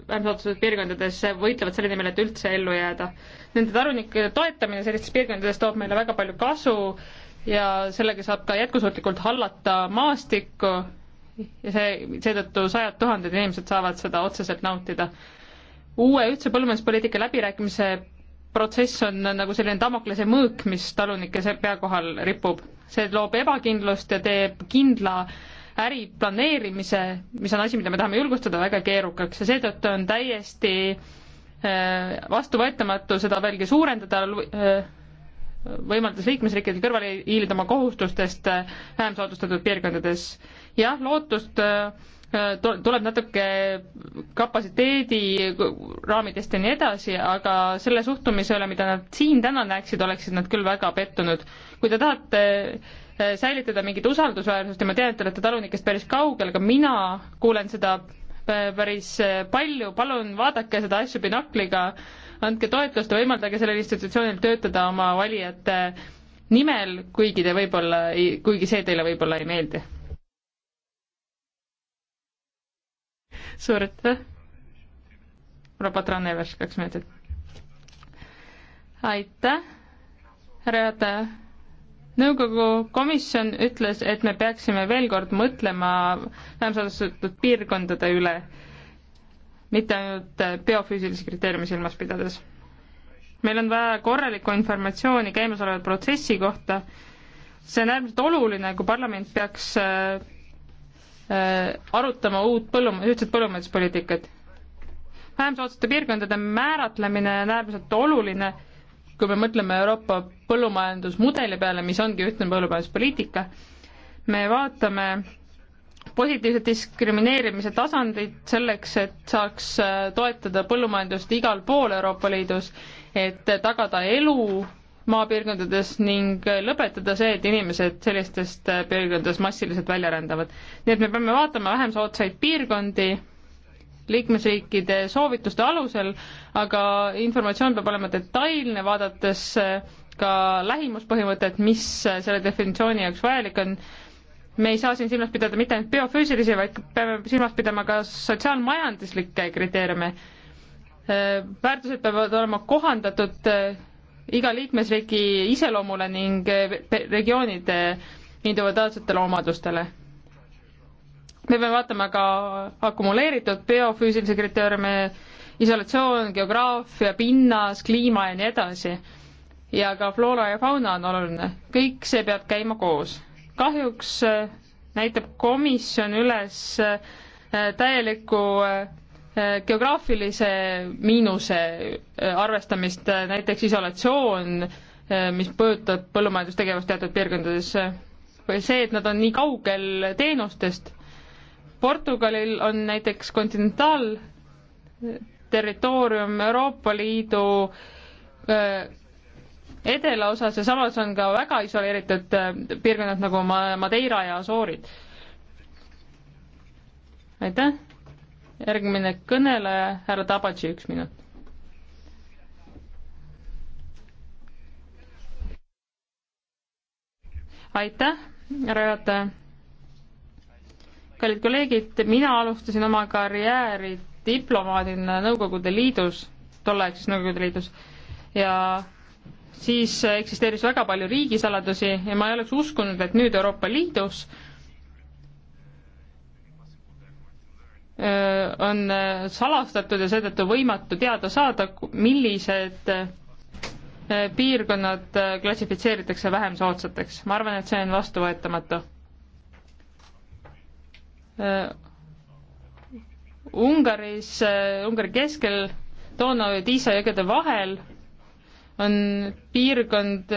vähemsoodsates piirkondades võitlevad selle nimel, et üldse ellu jääda. Nende talunike toetamine sellistes piirkondades toob meile väga palju kasu äh,, ja sellega saab ka jätkusuutlikult hallata maastikku ja see, seetõttu sajad tuhanded inimesed saavad seda otseselt nautida. uue ühtse põllumajanduspoliitika läbirääkimise protsess on nagu selline Damoklese mõõk, mis talunike pea kohal ripub. see loob ebakindlust ja teeb kindla äri planeerimise, mis on asi, mida me tahame julgustada, väga keerukaks ja seetõttu on täiesti äh, vastuvõetamatu seda veelgi suurendada, äh, võimaldas liikmesriikidel kõrvale hiilida oma kohustustest äh, vähem soodustatud piirkondades. jah, lootust äh, äh, tuleb natuke kapatsiteedi raamidest ja nii edasi, aga selle suhtumise üle, mida nad siin täna näeksid, oleksid nad küll väga pettunud. kui te tahate säilitada mingit usaldusväärsust ja ma tean, et te olete talunikest päris kaugel, aga mina kuulen seda päris palju, palun vaadake seda asju binokliga andke toetust ja võimaldage sellel institutsioonil töötada oma valijate nimel, kuigi te võib-olla, kuigi see teile võib-olla ei meeldi. suur aitäh. Robotran Evers, kaks minutit. aitäh, härra juhataja nõukogu komisjon ütles, et me peaksime veel kord mõtlema vähem saadustatud piirkondade üle mitte ainult äh, biofüüsilisi kriteeriume silmas pidades. meil on vaja korralikku informatsiooni käimasoleva protsessi kohta, see on äärmiselt oluline, kui parlament peaks äh, äh, arutama uut põllum-, ühtset põllumajanduspoliitikat. vähem soodsate piirkondade määratlemine on äärmiselt oluline, kui me mõtleme Euroopa põllumajandusmudeli peale, mis ongi ühtne põllumajanduspoliitika, me vaatame positiivset diskrimineerimise tasandit selleks, et saaks äh, toetada põllumajandust igal pool Euroopa Liidus, et tagada elu maapiirkondades ning lõpetada see, et inimesed sellistest äh, piirkondadest massiliselt välja rändavad. nii et me peame vaatama vähem soodsaid piirkondi liikmesriikide soovituste alusel, aga informatsioon peab olema detailne, vaadates äh, ka lähimuspõhimõtet, mis selle definitsiooni jaoks vajalik on me ei saa siin silmas pidada mitte ainult biofüüsilisi, vaid peame silmas pidama ka sotsiaalmajanduslikke kriteeriume. Äh, väärtused peavad olema kohandatud äh, iga liikmesriigi iseloomule ning äh, regioonide individuaalsetele omadustele. me peame vaatama ka akumuleeritud biofüüsilisi kriteeriume, isolatsioon, geograafia, pinnas, kliima ja nii edasi. ja ka floora ja fauna on oluline, kõik see peab käima koos kahjuks äh, näitab komisjon üles äh, täielikku äh, geograafilise miinuse arvestamist, näiteks isolatsioon, mis puudutab põllumajandustegevust teatud piirkondades, või see, et nad on nii kaugel teenustest. Portugalil on näiteks kontinentaalterritoorium Euroopa Liidu edelaosas ja samas on ka väga isoleeritud äh, piirkonnad nagu Madeira ja Asoorid. aitäh, järgmine kõneleja, härra Tabatši, üks minut. aitäh, härra juhataja. kallid kolleegid, mina alustasin oma karjääri diplomaadina Nõukogude Liidus, tolleaegses Nõukogude Liidus ja siis eksisteeris väga palju riigisaladusi ja ma ei oleks uskunud, et nüüd Euroopa Liidus äh, on äh, salastatud ja seetõttu võimatu teada saada, millised äh, piirkonnad klassifitseeritakse vähem soodsateks. ma arvan, et see on vastuvõetamatu. Ungaris, Ungari keskel Donau ja Tiisa jõgede vahel on piirkond,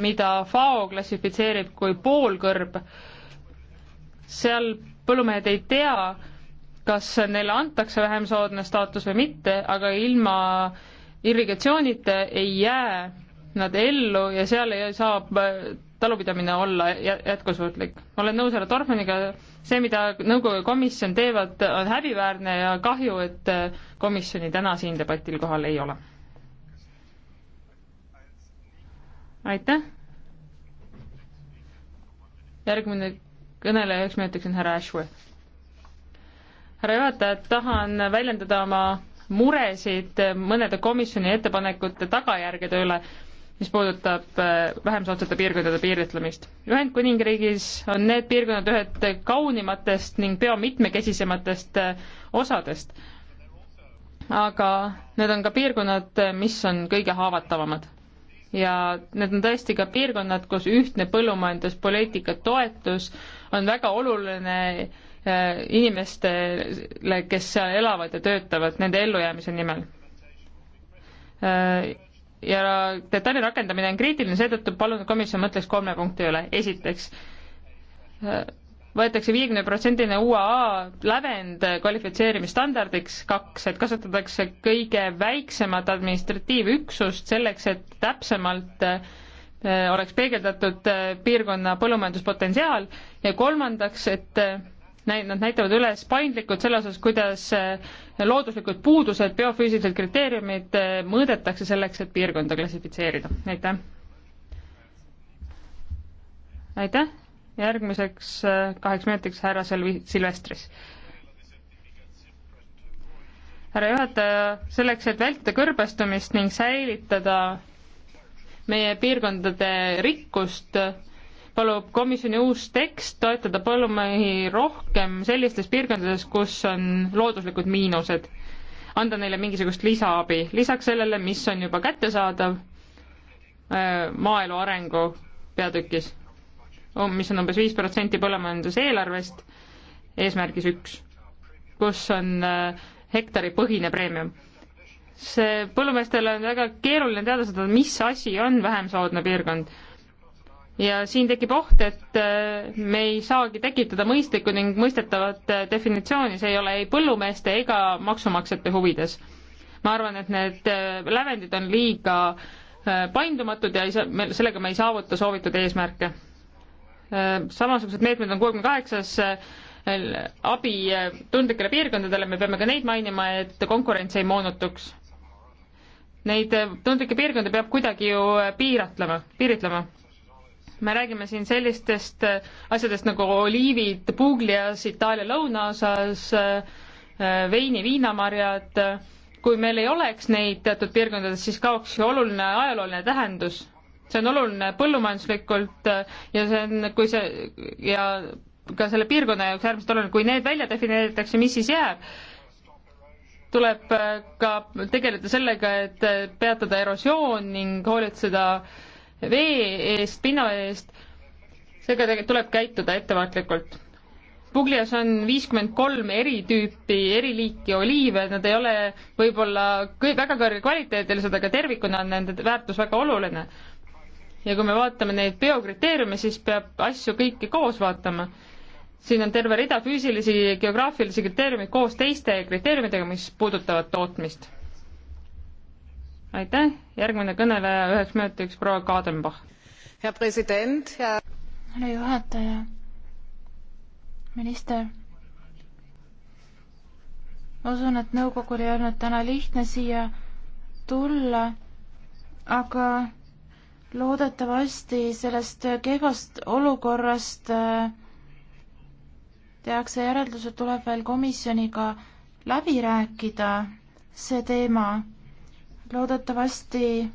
mida FAO klassifitseerib kui poolkõrb. seal põllumehed ei tea, kas neile antakse vähem soodne staatus või mitte, aga ilma irrigatsioonita ei jää nad ellu ja seal ei saa äh, talupidamine olla jätkusuutlik. olen nõus härra Torfmaniga, see, mida nõukogu ja komisjon teevad, on häbiväärne ja kahju, et äh, komisjoni täna siin debatil kohal ei ole aitäh. järgmine kõneleja üheks minutiks on härra Ashworth. härra juhataja, tahan väljendada oma muresid mõnede komisjoni ettepanekute tagajärgede üle, mis puudutab äh, vähem soodsate piirkondade piiritlemist. Ühendkuningriigis on need piirkonnad ühed kaunimatest ning peo mitmekesisematest äh, osadest. aga need on ka piirkonnad, äh, mis on kõige haavatavamad ja need on tõesti ka piirkonnad, kus ühtne põllumajanduspoliitika toetus on väga oluline eh, inimestele, kes seal elavad ja töötavad nende ellujäämise nimel. Eh, ja detaili rakendamine on kriitiline, seetõttu palun, et komisjon mõtleks kolme punkti üle. esiteks, eh, võetakse viiekümne protsendine UAA lävend kvalifitseerimisstandardiks, kaks, et kasutatakse kõige väiksemat administratiivüksust selleks, et täpsemalt äh, oleks peegeldatud äh, piirkonna põllumajanduspotentsiaal ja kolmandaks, et äh, nad näitavad üles paindlikud selle osas, kuidas looduslikud puudused, biofüüsilised kriteeriumid mõõdetakse selleks, et piirkonda klassifitseerida. aitäh! aitäh järgmiseks äh, kaheks minutiks härra Selvi-, Silvestris. härra juhataja, selleks, et vältida kõrbestumist ning säilitada meie piirkondade rikkust, palub komisjoni uus tekst toetada põllumehi rohkem sellistes piirkondades, kus on looduslikud miinused, anda neile mingisugust lisaabi, lisaks sellele, mis on juba kättesaadav äh, maaelu arengu peatükis Oh, mis on umbes viis protsenti põllumajanduse eelarvest, eesmärgis üks, kus on äh, hektaripõhine preemium. see põllumeestel on väga keeruline teada saada, mis asi on vähem soodne piirkond. ja siin tekib oht, et äh, me ei saagi tekitada mõistlikku ning mõistetavat äh, definitsiooni, see ei ole ei põllumeeste ega maksumaksjate huvides. ma arvan, et need lävendid on liiga paindumatud ja ei saa, sellega me ei saavuta soovitud eesmärke Äh, samasugused meetmed on kuuekümne kaheksas äh, abi äh, tundlikele piirkondadele, me peame ka neid mainima, et konkurents ei moonutuks. Neid tundlikke piirkondi peab kuidagi ju piiratlema, piiritlema. me räägime siin sellistest asjadest nagu oliivid Puglias, Itaalia lõunaosas, veini, viinamarjad, kui meil ei oleks neid teatud piirkondades, siis kaoks ju oluline ajalooline tähendus see on oluline põllumajanduslikult äh, ja see on, kui see ja ka selle piirkonna jaoks äärmiselt oluline, kui need välja defineeritakse, mis siis jääb, tuleb äh, ka tegeleda sellega, et äh, peatada erosioon ning hoolitseda vee eest, pinna eest, seega tegelikult tuleb käituda ettevaatlikult. Puglias on viiskümmend kolm eri tüüpi, eri liiki oliive, nad ei ole võib-olla kõik väga kõrge kvaliteedilised, aga tervikuna on nende väärtus väga oluline ja kui me vaatame neid biokriteeriume, siis peab asju kõiki koos vaatama. siin on terve rida füüsilisi, geograafilisi kriteeriumeid koos teiste kriteeriumidega, mis puudutavad tootmist. aitäh, järgmine kõneleja üheks minutiks, proua Kadenbach. hea president, hea härra juhataja, minister ma usun, et nõukogul ei olnud täna lihtne siia tulla, aga loodetavasti sellest kehvast olukorrast äh, tehakse järeldused, tuleb veel komisjoniga läbi rääkida see teema. loodetavasti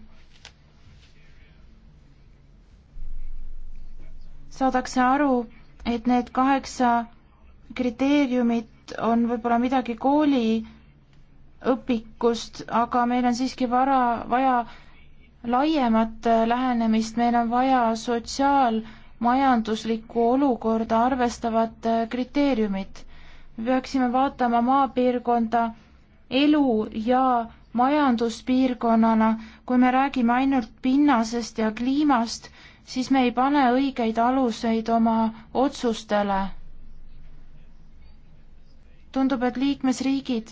saadakse aru, et need kaheksa kriteeriumit on võib-olla midagi kooliõpikust, aga meil on siiski vara, vaja laiemat äh, lähenemist, meil on vaja sotsiaalmajanduslikku olukorda arvestavat äh, kriteeriumit. me peaksime vaatama maapiirkonda elu ja majanduspiirkonnana, kui me räägime ainult pinnasest ja kliimast, siis me ei pane õigeid aluseid oma otsustele. tundub, et liikmesriigid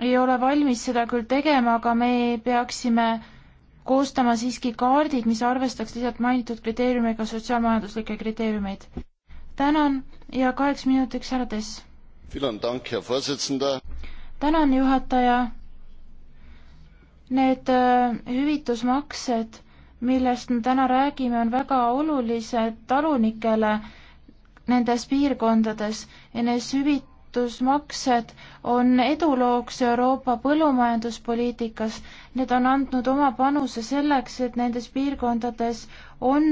ei ole valmis seda küll tegema, aga me peaksime koostama siiski kaardid, mis arvestaks lisalt mainitud kriteeriumiga sotsiaalmajanduslikke kriteeriumeid. tänan ja kaheks minutiks härra Tess. tänan, juhataja. Need äh, hüvitusmaksed, millest me täna räägime, on väga olulised talunikele nendes piirkondades ja neis hüvit-, toetusmaksed on edulooks Euroopa põllumajanduspoliitikas. Need on andnud oma panuse selleks, et nendes piirkondades on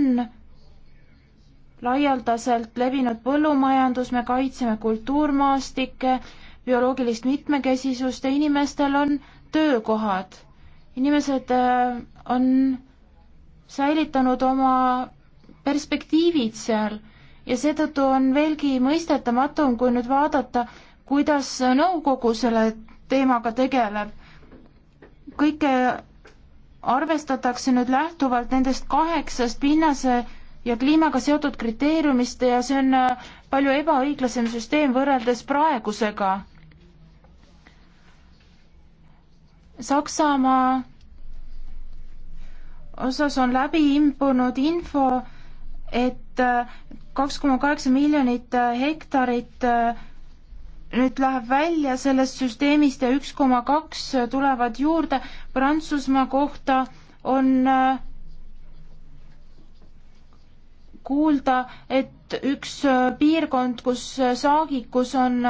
laialdaselt levinud põllumajandus, me kaitseme kultuurmaastikke, bioloogilist mitmekesisust ja inimestel on töökohad. inimesed äh, on säilitanud oma perspektiivid seal ja seetõttu on veelgi mõistetamatum, kui nüüd vaadata, kuidas nõukogu selle teemaga tegeleb. kõike arvestatakse nüüd lähtuvalt nendest kaheksast pinnase ja kliimaga seotud kriteeriumist ja see on äh, palju ebaõiglasem süsteem võrreldes praegusega. Saksamaa osas on läbi imbunud info, et et äh, kaks koma kaheksa miljonit äh, hektarit äh, nüüd läheb välja sellest süsteemist ja üks koma kaks tulevad juurde. Prantsusmaa kohta on kuulda, et üks piirkond, kus saagikus on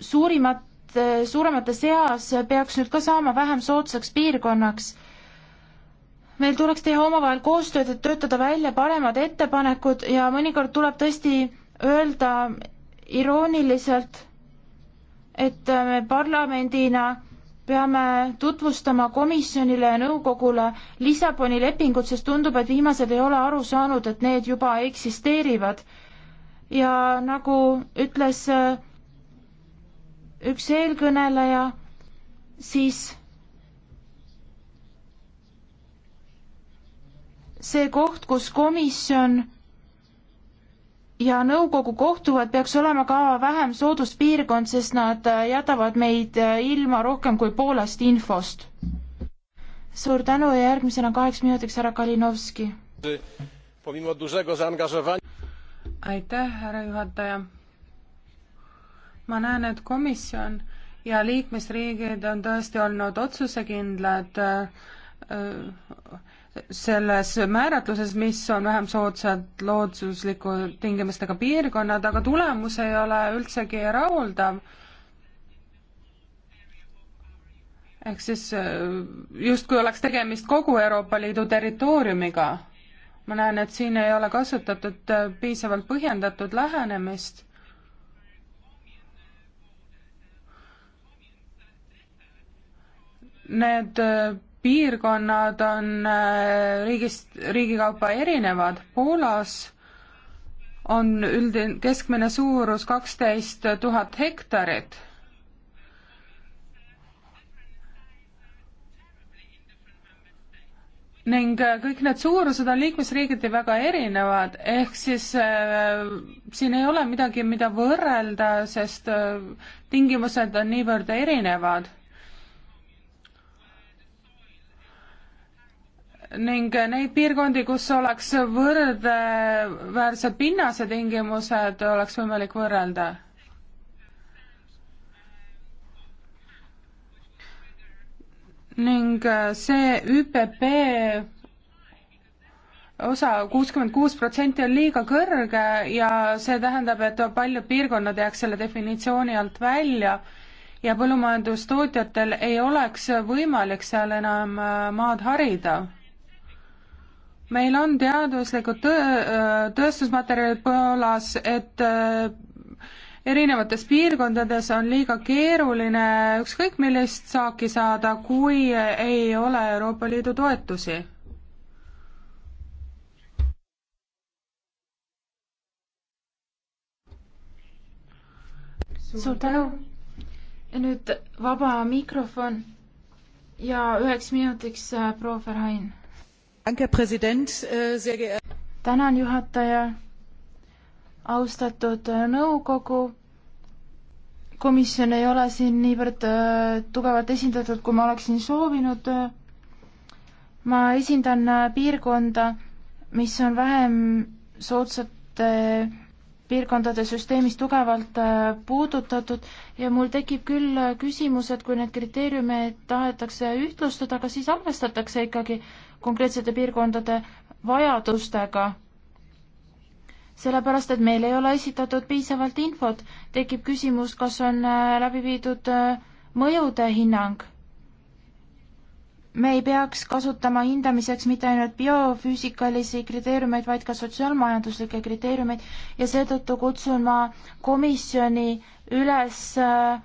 suurimad, suuremate seas, peaks nüüd ka saama vähem soodsaks piirkonnaks meil tuleks teha omavahel koostööd, et töötada välja paremad ettepanekud ja mõnikord tuleb tõesti öelda irooniliselt, et äh, me parlamendina peame tutvustama komisjonile ja nõukogule Lissaboni lepingut, sest tundub, et viimased ei ole aru saanud, et need juba eksisteerivad. ja nagu ütles äh, üks eelkõneleja, siis see koht, kus komisjon ja nõukogu kohtuvad, peaks olema ka vähem sooduspiirkond, sest nad äh, jätavad meid äh, ilma rohkem kui poolest infost. suur tänu ja järgmisena kaheks minutiks härra Kalinovski. aitäh, härra juhataja. ma näen, et komisjon ja liikmesriigid on tõesti olnud otsusekindlad äh, äh, selles määratluses, mis on vähem soodsad loodusliku tingimustega piirkonnad, aga tulemus ei ole üldsegi rahuldav. ehk siis äh, justkui oleks tegemist kogu Euroopa Liidu territooriumiga. ma näen, et siin ei ole kasutatud äh, piisavalt põhjendatud lähenemist. Need äh, piirkonnad on äh, riigist, riigikaupa erinevad. Poolas on üldine, keskmine suurus kaksteist tuhat hektarit. ning äh, kõik need suurused on liikmesriigiti väga erinevad, ehk siis äh, siin ei ole midagi, mida võrrelda, sest äh, tingimused on niivõrd erinevad ning neid piirkondi, kus oleks võrdväärsed pinnase tingimused, oleks võimalik võrrelda. ning äh, see ÜPP osa kuuskümmend kuus protsenti on liiga kõrge ja see tähendab, et paljud piirkonnad jääks selle definitsiooni alt välja ja põllumajandustootjatel ei oleks võimalik seal enam äh, maad harida meil on teaduslikud töö, äh, tööstusmaterjalid Poolas, et äh, erinevates piirkondades on liiga keeruline ükskõik millist saaki saada, kui ei ole Euroopa Liidu toetusi suur tänu. nüüd vaba mikrofon ja üheks minutiks äh, proua Verhain Äh, tänan, juhataja. austatud äh, nõukogu komisjon ei ole siin niivõrd äh, tugevalt esindatud, kui ma oleksin soovinud. ma esindan piirkonda, mis on vähem soodsate piirkondade süsteemis tugevalt puudutatud ja mul tekib küll küsimus, et kui need kriteeriume tahetakse ühtlustada, kas siis arvestatakse ikkagi äh, konkreetsete piirkondade vajadustega. sellepärast, et meil ei ole esitatud piisavalt infot, tekib küsimus, kas on äh, läbi viidud äh, mõjude hinnang. me ei peaks kasutama hindamiseks mitte ainult biofüüsikalisi kriteeriumeid, vaid ka sotsiaalmajanduslikke kriteeriumeid ja seetõttu kutsun ma komisjoni üles äh,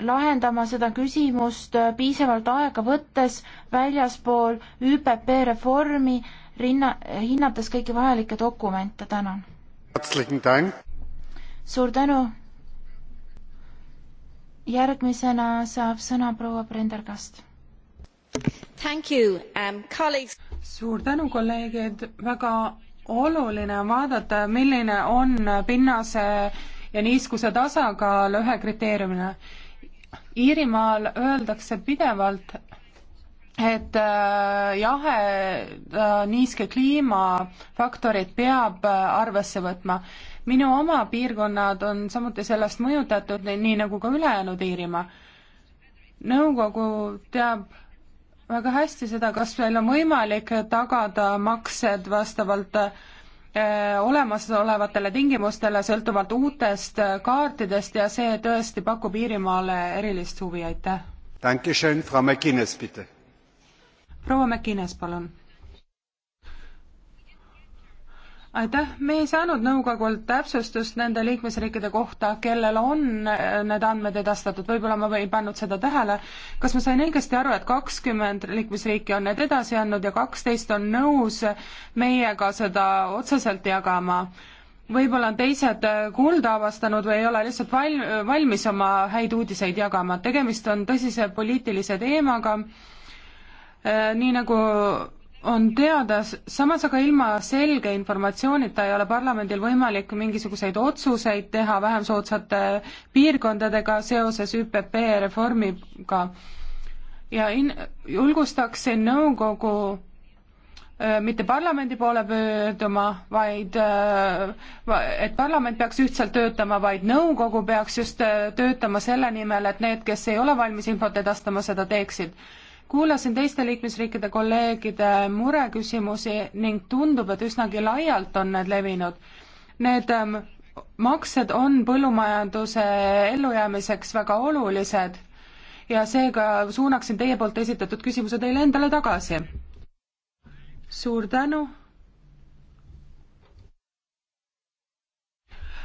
lahendama seda küsimust äh, piisavalt aega võttes väljaspool ÜPP reformi, rinna, hinnates kõiki vajalikke dokumente, tänan. suur tänu. järgmisena saab sõna proua Prendergast. Um, colleagues... suur tänu, kolleegid, väga oluline on vaadata, milline on pinnase ja niiskuse tasakaal ühe kriteeriumina Iirimaal öeldakse pidevalt, et äh, jahe, äh, niiske kliima faktorid peab äh, arvesse võtma. minu oma piirkonnad on samuti sellest mõjutatud, nii nagu ka ülejäänud Iirimaa. nõukogu teab väga hästi seda, kas meil on võimalik tagada maksed vastavalt äh, Äh, olemasolevatele tingimustele sõltuvalt uutest äh, kaartidest ja see tõesti pakub Iirimaale erilist huvi, aitäh! proua McInnes, palun! aitäh, me ei saanud nõukogult täpsustust nende liikmesriikide kohta, kellel on äh, need andmed edastatud, võib-olla ma ei pannud seda tähele. kas ma sain õigesti aru, et kakskümmend liikmesriiki on need edasi andnud ja kaksteist on nõus meiega seda otseselt jagama? võib-olla on teised äh, kulda avastanud või ei ole lihtsalt val-, valmis oma häid uudiseid jagama, tegemist on tõsise poliitilise teemaga, äh, nii nagu on teada, samas aga ilma selge informatsioonita ei ole parlamendil võimalik mingisuguseid otsuseid teha vähem soodsate piirkondadega seoses ÜPP reformiga. ja in-, julgustaksin nõukogu äh, mitte parlamendi poole pöörduma, vaid äh, et parlament peaks ühtselt töötama, vaid nõukogu peaks just äh, töötama selle nimel, et need, kes ei ole valmis infot edastama, seda teeksid kuulasin teiste liikmesriikide kolleegide mureküsimusi ning tundub, et üsnagi laialt on need levinud. Need ähm, maksed on põllumajanduse ellujäämiseks väga olulised ja seega suunaksin teie poolt esitatud küsimuse teile endale tagasi. suur tänu.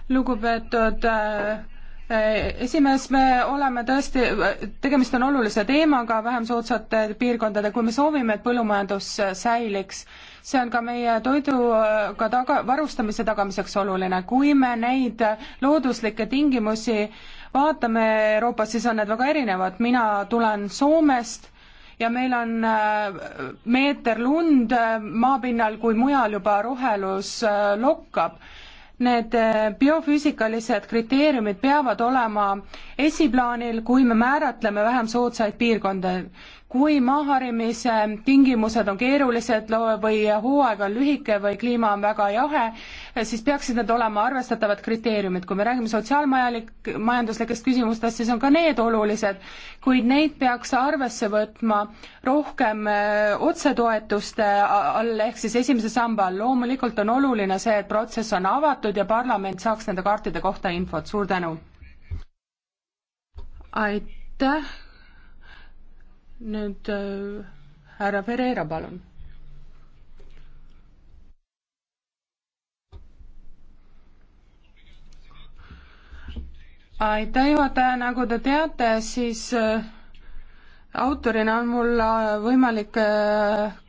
lugupeetud äh, Äh, esimees, me oleme tõesti, tegemist on olulise teemaga vähem soodsate piirkondade, kui me soovime, et põllumajandus säiliks, see on ka meie toiduga taga, varustamise tagamiseks oluline, kui me neid looduslikke tingimusi vaatame Euroopas, siis on need väga erinevad, mina tulen Soomest ja meil on äh, meeter lund äh, maapinnal, kui mujal juba rohelus lokkab need äh, biofüüsikalised kriteeriumid peavad olema esiplaanil, kui me määratleme vähem soodsaid piirkondi kui maaharimise tingimused on keerulised või hooaeg on lühike või kliima on väga jahe, siis peaksid need olema arvestatavad kriteeriumid. kui me räägime sotsiaalmajalik, majanduslikest küsimustest, siis on ka need olulised, kuid neid peaks arvesse võtma rohkem äh, otsetoetuste all, ehk siis esimese samba all. loomulikult on oluline see, et protsess on avatud ja parlament saaks nende kaartide kohta infot. suur tänu! aitäh! nüüd äh, härra Ferreira, palun. aitäh, juhataja, nagu te teate, siis äh, autorina on mul äh, võimalik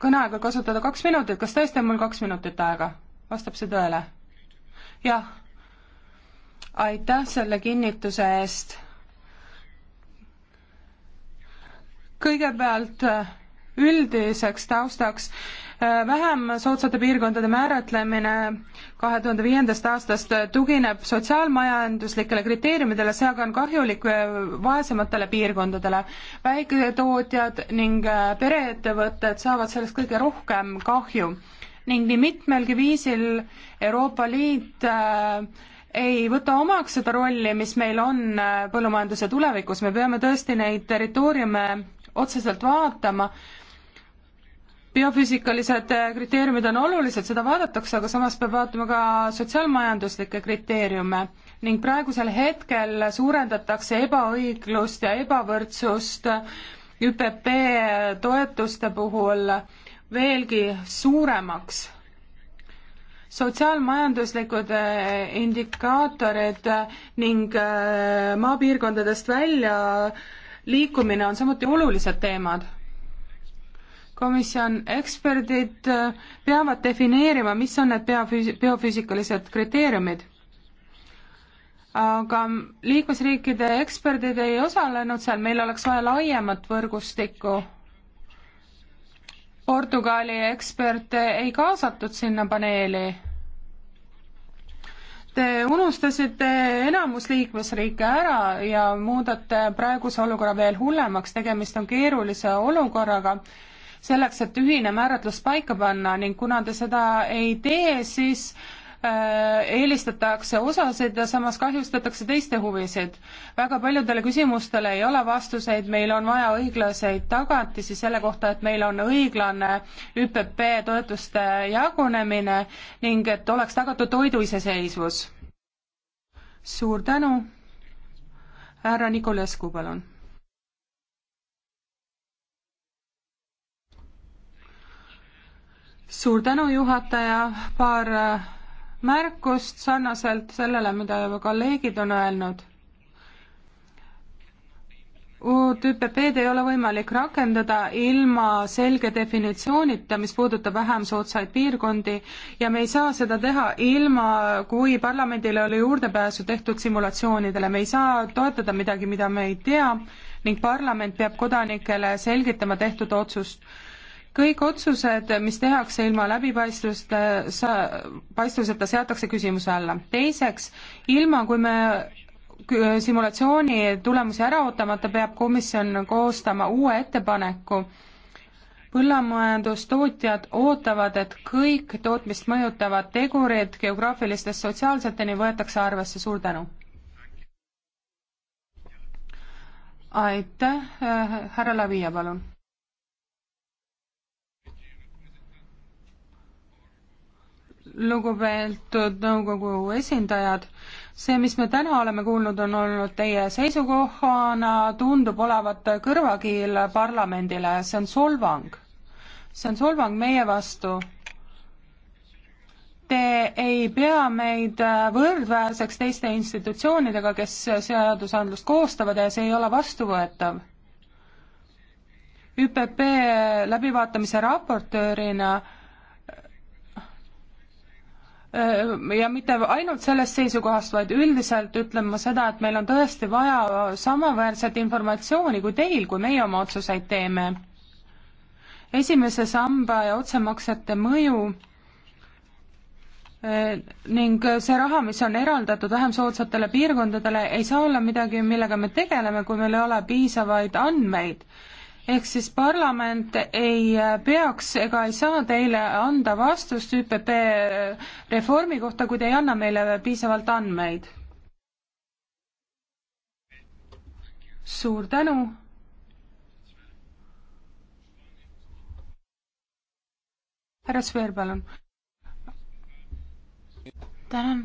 kõneaega kasutada kaks minutit, kas tõesti on mul kaks minutit aega? vastab see tõele? jah. aitäh selle kinnituse eest kõigepealt äh, üldiseks taustaks äh, vähem soodsate piirkondade määratlemine kahe tuhande viiendast aastast äh, tugineb sotsiaalmajanduslikele kriteeriumidele, see aga on kahjulik vaesematele piirkondadele. väiketootjad ning pereettevõtted saavad sellest kõige rohkem kahju ning nii mitmelgi viisil Euroopa Liit äh, ei võta omaks seda rolli, mis meil on äh, põllumajanduse tulevikus, me peame tõesti neid territooriume otseselt vaatama, biofüüsikalised äh, kriteeriumid on olulised, seda vaadatakse, aga samas peab vaatama ka sotsiaalmajanduslikke kriteeriume ning praegusel hetkel suurendatakse ebaõiglust ja ebavõrdsust äh, ÜPP toetuste puhul veelgi suuremaks sotsiaalmajanduslikud eh, indikaatorid eh, ning eh, maapiirkondadest välja liikumine on samuti olulised teemad. komisjon eksperdid peavad defineerima, mis on need biofüüsi-, biofüüsikalised kriteeriumid. aga liikmesriikide eksperdid ei osalenud seal, meil oleks vaja laiemat võrgustikku Portugali eksperte ei kaasatud sinna paneeli. Te unustasite enamus liikmesriike ära ja muudate praeguse olukorra veel hullemaks, tegemist on keerulise olukorraga, selleks, et ühine määratlus paika panna ning kuna te seda ei tee, siis äh, Äh, eelistatakse osasid ja samas kahjustatakse teiste huvisid. väga paljudele küsimustele ei ole vastuseid, meil on vaja õiglaseid tagatisi selle kohta, et meil on õiglane ÜPP toetuste jagunemine ning et oleks tagatud toidu iseseisvus. suur tänu, härra Nikolescu, palun suur tänu, juhataja, paar märkust sarnaselt sellele, mida juba kolleegid on öelnud. uut ÜPP-d ei ole võimalik rakendada ilma selge definitsioonita, mis puudutab vähem soodsaid piirkondi ja me ei saa seda teha ilma, kui parlamendil ei ole juurdepääsu tehtud simulatsioonidele, me ei saa toetada midagi, mida me ei tea ning parlament peab kodanikele selgitama tehtud otsust kõik otsused, mis tehakse ilma läbipaistvust, paistvuseta, seatakse küsimuse alla. teiseks, ilma kui me simulatsiooni tulemusi ära ootamata, peab komisjon koostama uue ettepaneku. põllumajandustootjad ootavad, et kõik tootmist mõjutavad tegurid geograafilistest sotsiaalseteni võetakse arvesse, suur tänu! aitäh, äh, härra Lavia, palun! lugupeetud nõukogu esindajad, see, mis me täna oleme kuulnud, on olnud teie seisukohana, tundub olevat kõrvakiil parlamendile, see on solvang. see on solvang meie vastu. Te ei pea meid võrdväärseks teiste institutsioonidega, kes seadusandlust koostavad ja see ei ole vastuvõetav ÜPP läbivaatamise raportöörina Äh, ja mitte ainult sellest seisukohast, vaid üldiselt ütlen ma seda, et meil on tõesti vaja samaväärset informatsiooni kui teil, kui meie oma otsuseid teeme. esimese samba ja otsemaksete mõju äh, ning see raha, mis on eraldatud vähem soodsatele piirkondadele, ei saa olla midagi, millega me tegeleme, kui meil ei ole piisavaid andmeid ehk siis parlament ei peaks ega ei saa teile anda vastust ÜPP reformi kohta, kui te ei anna meile piisavalt andmeid. suur tänu. härra Sveer, palun. tänan,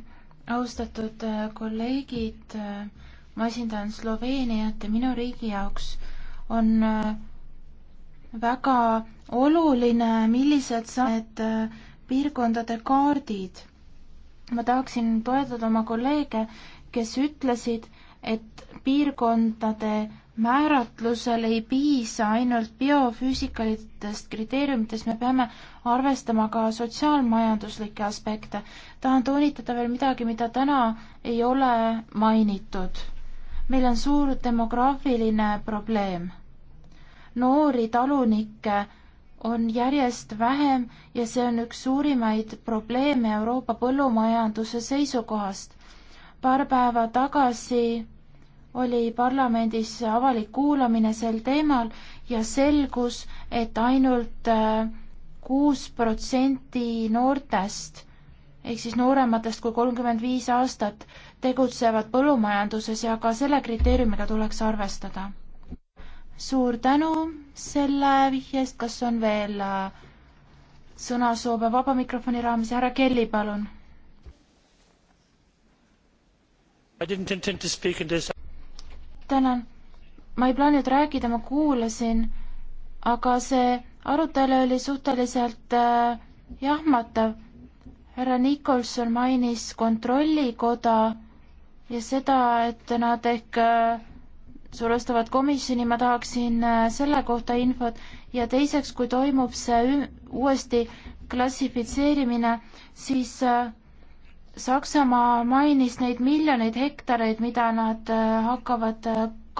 austatud äh, kolleegid. Äh, ma esindan Sloveeniat ja minu riigi jaoks on äh, väga oluline, millised sa-, need äh, piirkondade kaardid. ma tahaksin toetada oma kolleege, kes ütlesid, et piirkondade määratlusel ei piisa ainult biofüüsikalitest kriteeriumitest, me peame arvestama ka sotsiaalmajanduslikke aspekte. tahan toonitada veel midagi, mida täna ei ole mainitud. meil on suur demograafiline probleem noori talunikke on järjest vähem ja see on üks suurimaid probleeme Euroopa põllumajanduse seisukohast. paar päeva tagasi oli parlamendis avalik kuulamine sel teemal ja selgus, et ainult äh, kuus protsenti noortest ehk siis noorematest kui kolmkümmend viis aastat tegutsevad põllumajanduses ja ka selle kriteeriumiga tuleks arvestada suur tänu selle vihje eest, kas on veel äh, sõnasoove vaba mikrofoni raames, härra Kelly, palun. tänan, ma ei plaaninud rääkida, ma kuulasin, aga see arutelu oli suhteliselt äh, jahmatav. härra Nikolson mainis Kontrollikoda ja seda, et nad ehk äh, see vastavat komisjoni, ma tahaksin äh, selle kohta infot ja teiseks, kui toimub see uuesti klassifitseerimine, siis äh, Saksamaa mainis neid miljoneid hektareid, mida nad äh, hakkavad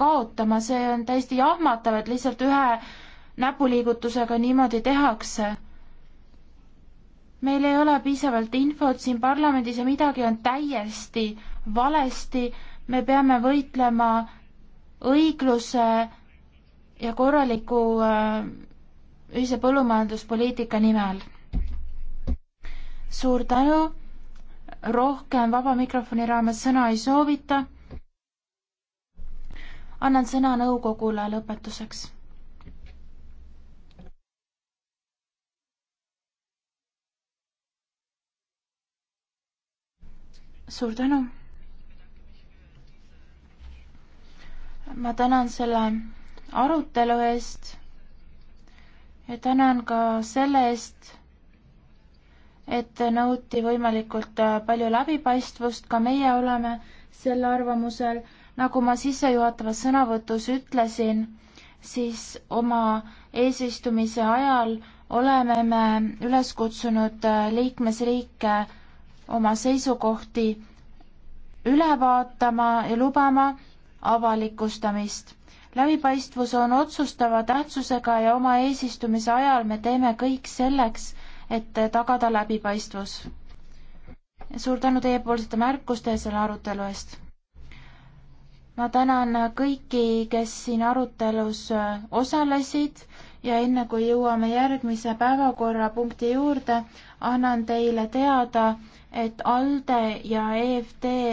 kaotama, see on täiesti jahmatav, et lihtsalt ühe näpuliigutusega niimoodi tehakse. meil ei ole piisavalt infot siin parlamendis ja midagi on täiesti valesti, me peame võitlema õigluse ja korraliku äh, ühise põllumajanduspoliitika nimel. suur tänu, rohkem vaba mikrofoni raames sõna ei soovita. annan sõna nõukogule lõpetuseks. suur tänu ma tänan selle arutelu eest ja tänan ka selle eest, et nõuti võimalikult äh, palju läbipaistvust, ka meie oleme sel arvamusel. nagu ma sissejuhatavas sõnavõtus ütlesin, siis oma eesistumise ajal oleme me üles kutsunud äh, liikmesriike oma seisukohti üle vaatama ja lubama avalikustamist. läbipaistvus on otsustava tähtsusega ja oma eesistumise ajal me teeme kõik selleks, et tagada läbipaistvus. suur tänu teiepoolsete märkuste ja selle arutelu eest. ma tänan kõiki, kes siin arutelus osalesid ja enne kui jõuame järgmise päevakorrapunkti juurde, annan teile teada, et ALDE ja EFD